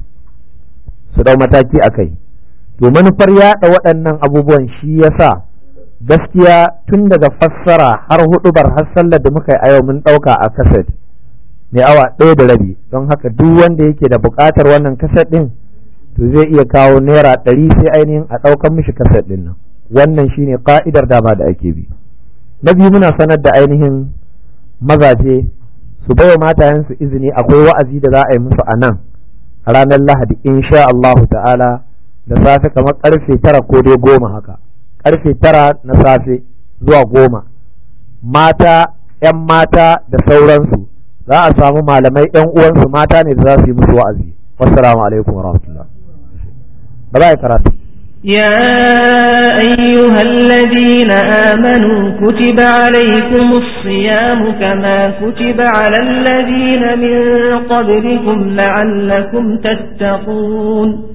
su ɗau mataki a kai to manufar yaɗa waɗannan abubuwan shi yasa gaskiya tun daga fassara har huɗubar har sallar da muka yi a yau mun ɗauka a kaset mai awa ɗaya da rabi don haka duk wanda yake da buƙatar wannan kaset ɗin to zai iya kawo naira ɗari sai ainihin a ɗaukan mishi kaset ɗin nan wannan shi ne ƙa'idar dama da ake bi na biyu muna sanar da ainihin mazaje su baiwa matayensu izini akwai wa'azi da za a yi musu a nan a ranar lahadi insha allahu ta'ala da safe kamar karfe 9 ko dai 10 haka karfe 9 na safe zuwa 10 mata ƴan mata da sauransu za a samu malamai 'yan uwansu mata ne da za su yi musu wa'azi assalamu alaikum warahmatullah ba za a yi karatu يا أيها الذين آمنوا كتب عليكم الصيام كما كتب على الذين من قبلكم لعلكم تتقون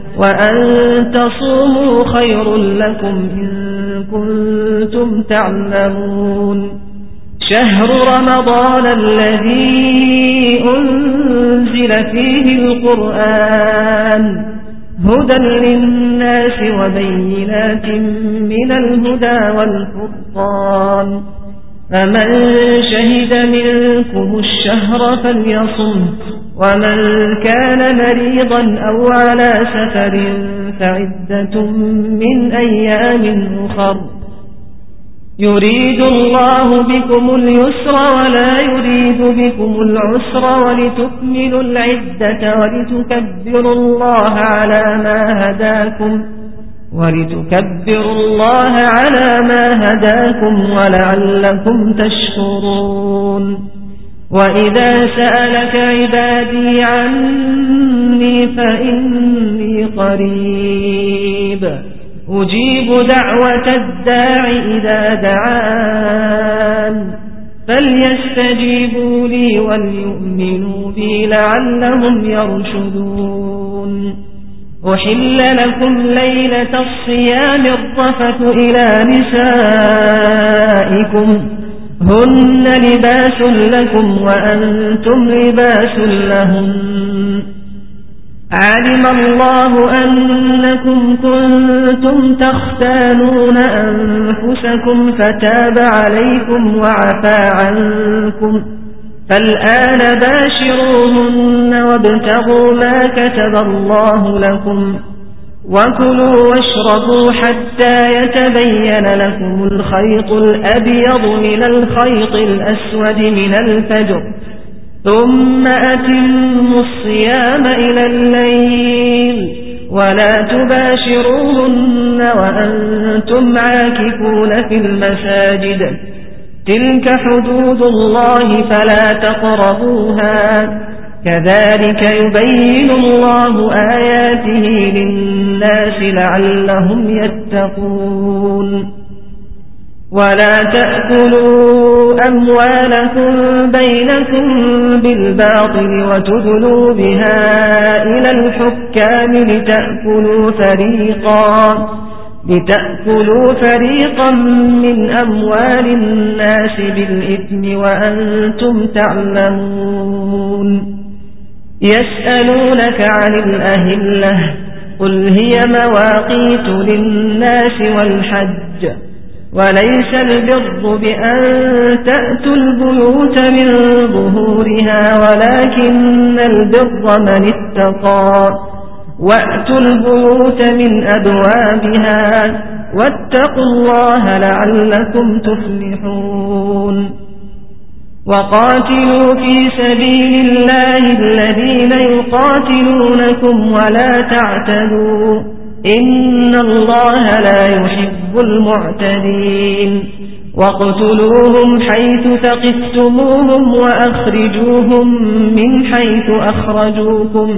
وأن تصوموا خير لكم إن كنتم تعلمون شهر رمضان الذي أنزل فيه القرآن هدى للناس وبينات من الهدى والفرطان فمن شهد منكم الشهر فليصم ومن كان مريضا أو على سفر فعدة من أيام أخر يريد الله بكم اليسر ولا يريد بكم العسر ولتكملوا العدة ولتكبروا الله على ما هداكم ولتكبروا الله على ما هداكم ولعلكم تشكرون وإذا سألك عبادي عني فإني قريب أجيب دعوة الداع إذا دعان فليستجيبوا لي وليؤمنوا بي لعلهم يرشدون أحل لكم ليلة الصيام الرفث إلى نسائكم هن لباس لكم وأنتم لباس لهم علم الله أنكم كنتم تختانون أنفسكم فتاب عليكم وعفى عنكم فالآن باشروهن وابتغوا ما كتب الله لكم وكلوا واشربوا حتى يتبين لكم الخيط الأبيض من الخيط الأسود من الفجر ثم أتموا الصيام إلى الليل ولا تباشروهن وأنتم عاكفون في المساجد تلك حدود الله فلا تقربوها كذلك يبين الله آياته للناس لعلهم يتقون ولا تأكلوا أموالكم بينكم بالباطل وتدلوا بها إلى الحكام لتأكلوا فريقاً لتأكلوا فريقا من أموال الناس بالإثم وأنتم تعلمون يسألونك عن الأهلة قل هي مواقيت للناس والحج وليس البر بأن تأتوا البيوت من ظهورها ولكن البر من اتقى وأتوا البيوت من أبوابها واتقوا الله لعلكم تفلحون وقاتلوا في سبيل الله الذين يقاتلونكم ولا تعتدوا إن الله لا يحب المعتدين واقتلوهم حيث ثقفتموهم وأخرجوهم من حيث أخرجوكم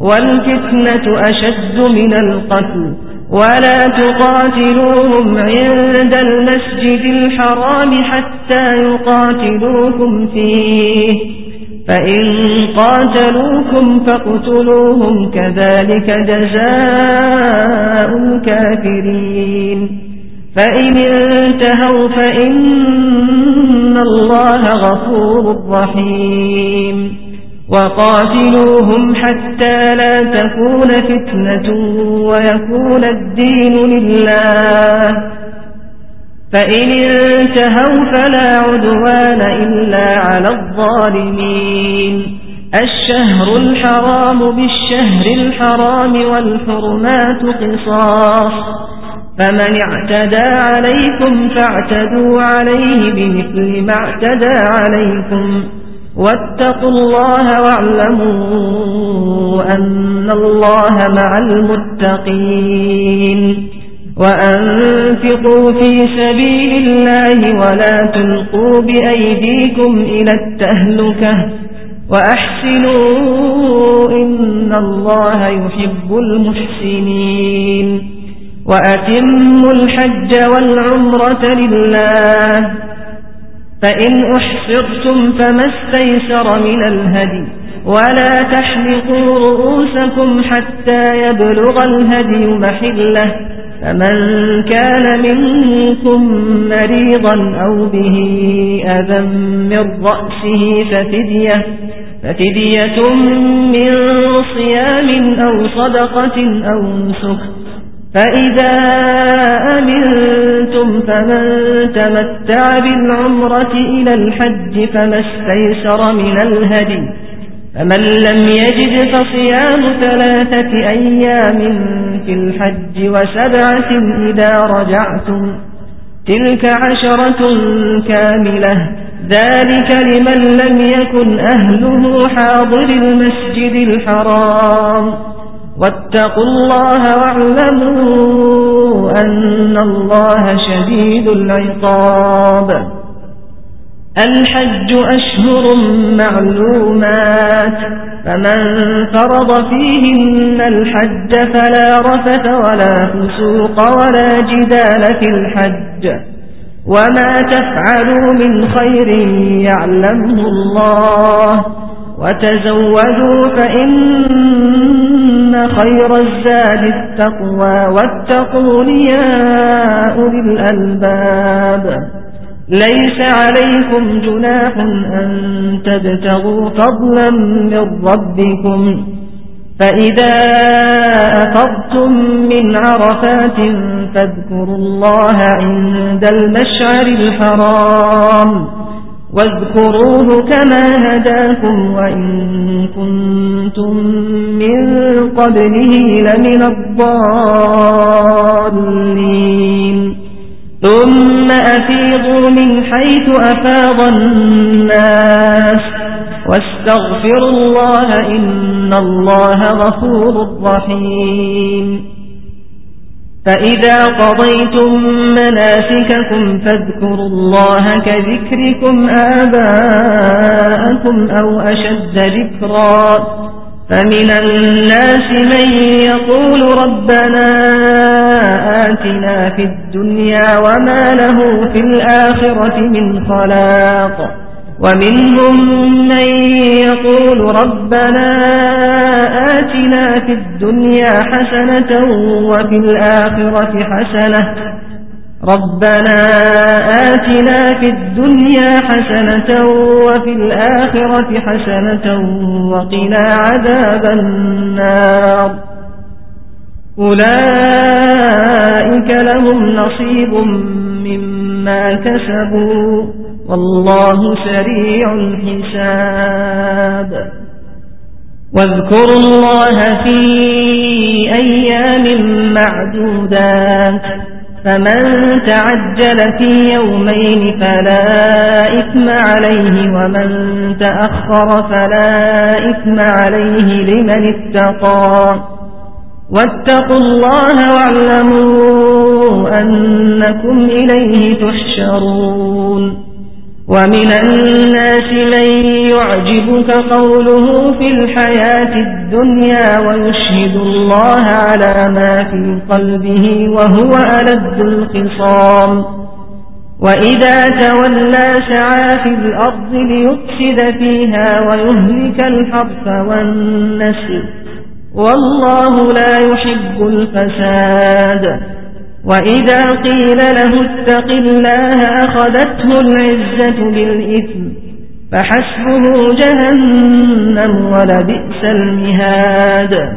والفتنة أشد من القتل ولا تقاتلوهم عند المسجد الحرام حتى يقاتلوكم فيه فإن قاتلوكم فاقتلوهم كذلك جزاء الكافرين فإن انتهوا فإن الله غفور رحيم وقاتلوهم حتى لا تكون فتنة ويكون الدين لله فإن انتهوا فلا عدوان إلا على الظالمين الشهر الحرام بالشهر الحرام والحرمات قصاص فمن اعتدى عليكم فاعتدوا عليه بمثل ما اعتدى عليكم واتقوا الله واعلموا أن الله مع المتقين وأنفقوا في سبيل الله ولا تلقوا بأيديكم إلى التهلكة وأحسنوا إن الله يحب المحسنين وأتموا الحج والعمرة لله فإن أحفظتم فما استيسر من الهدي ولا تحلقوا رؤوسكم حتى يبلغ الهدي محله فمن كان منكم مريضا أو به أذى من رأسه ففدية, ففدية من صيام أو صدقة أو سكر فإذا أمنتم فمن تمتع بالعمرة إلى الحج فما استيسر من الهدي فمن لم يجد فصيام ثلاثة أيام في الحج وسبعة إذا رجعتم تلك عشرة كاملة ذلك لمن لم يكن أهله حاضر المسجد الحرام واتقوا الله واعلموا أن الله شديد العقاب الحج أشهر معلومات فمن فرض فيهن الحج فلا رفث ولا فسوق ولا جدال في الحج وما تفعلوا من خير يعلمه الله وتزودوا فإن إن خير الزاد التقوى واتقون يا أولي الألباب ليس عليكم جناح أن تبتغوا فضلا من ربكم فإذا أفضتم من عرفات فاذكروا الله عند المشعر الحرام واذكروه كما هداكم وإن كنتم من قبله لمن الضالين ثم أفيضوا من حيث أفاض الناس واستغفروا الله إن الله غفور رحيم فإذا قضيتم مناسككم فاذكروا الله كذكركم آباءكم أو أشد ذكرا فمن الناس من يقول ربنا آتنا في الدنيا وما له في الآخرة من خلاق ومنهم من يقول ربنا آتنا في الدنيا حسنة وفي الآخرة حسنة ربنا آتنا في الدنيا حسنة وفي الآخرة حسنة وقنا عذاب النار أولئك لهم نصيب مما كسبوا والله سريع الحساب واذكروا الله في أيام معدودات فمن تعجل في يومين فلا إثم عليه ومن تأخر فلا إثم عليه لمن اتقى واتقوا الله واعلموا أنكم إليه تحشرون ومن الناس من يعجبك قوله في الحياة الدنيا ويشهد الله على ما في قلبه وهو ألد الخصام وإذا تولى سعى في الأرض ليفسد فيها ويهلك الحرث والنسل والله لا يحب الفساد وإذا قيل له اتق الله أخذته العزة بالإثم فحسبه جهنم ولبئس المهاد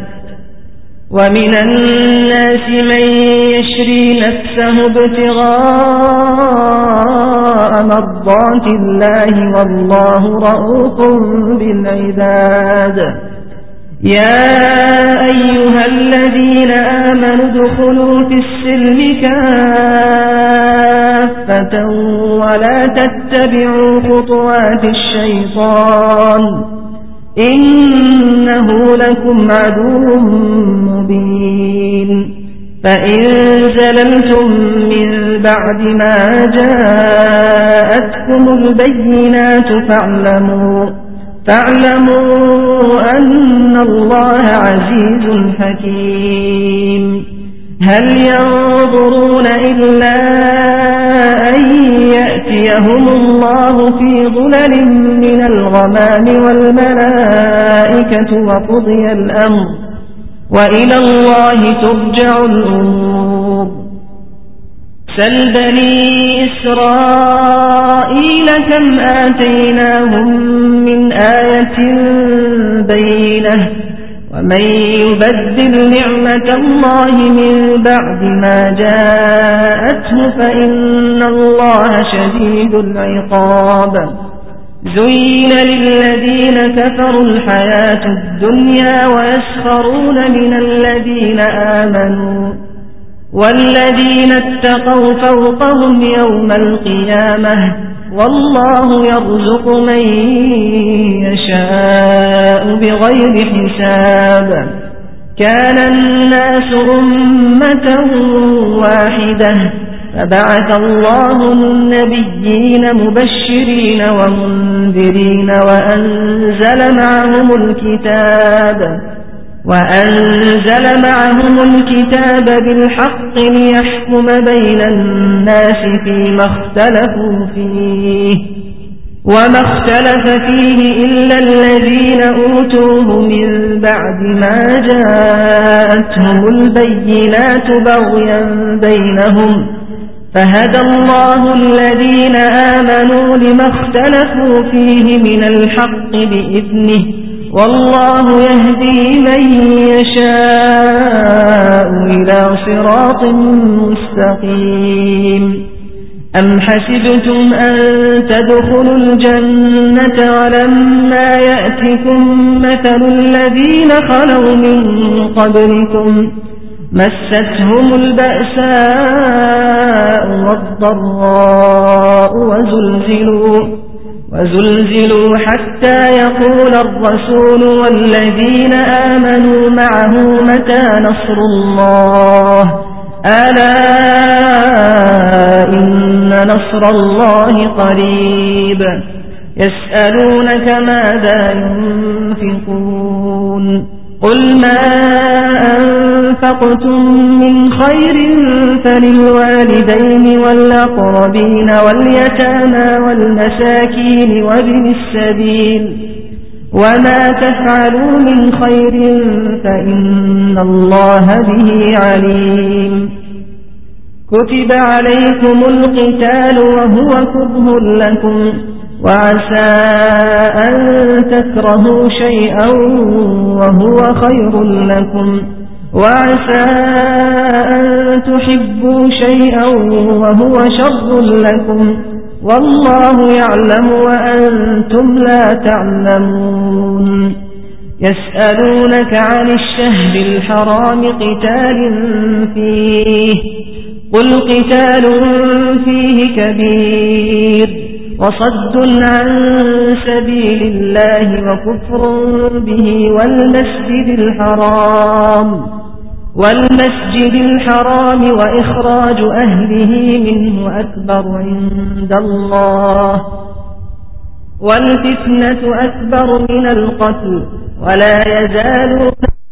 ومن الناس من يشري نفسه ابتغاء مرضات الله والله رؤوف بالعباد يا أيها الذين آمنوا ادخلوا في السلم كافة ولا تتبعوا خطوات الشيطان إنه لكم عدو مبين فإن زللتم من بعد ما جاءتكم البينات فاعلموا فاعلموا أن الله عزيز حكيم هل ينظرون إلا أن يأتيهم الله في ظلل من الغمام والملائكة وقضي الأمر وإلى الله ترجع الأمور سل بني إسرائيل كم آتيناهم من آية بينة ومن يبدل نعمة الله من بعد ما جاءته فإن الله شديد العقاب زين للذين كفروا الحياة الدنيا ويسخرون من الذين آمنوا والذين اتقوا فوقهم يوم القيامة والله يرزق من يشاء بغير حساب كان الناس أمة واحدة فبعث الله النبيين مبشرين ومنذرين وأنزل معهم الكتاب وأنزل معهم الكتاب بالحق ليحكم بين الناس فيما اختلفوا فيه وما اختلف فيه إلا الذين أوتوه من بعد ما جاءتهم البينات بغيا بينهم فهدى الله الذين آمنوا لما اختلفوا فيه من الحق بإذنه والله يهدي من يشاء إلى صراط مستقيم أم حسبتم أن تدخلوا الجنة ولما يأتكم مثل الذين خلوا من قبلكم مستهم البأساء والضراء وزلزلوا وزلزلوا حتى يقول الرسول والذين آمنوا معه متى نصر الله ألا إن نصر الله قريب يسألونك ماذا ينفقون قل ما أنفقون أنفقتم من خير فللوالدين والأقربين واليتامى والمساكين وابن السبيل وما تفعلوا من خير فإن الله به عليم كتب عليكم القتال وهو كره لكم وعسى أن تكرهوا شيئا وهو خير لكم وعسى أن تحبوا شيئا وهو شر لكم والله يعلم وأنتم لا تعلمون يسألونك عن الشهر الحرام قتال فيه قل قتال فيه كبير وصد عن سبيل الله وكفر به والمسجد الحرام والمسجد الحرام وإخراج أهله منه أكبر عند الله والفتنة أكبر من القتل ولا يزالون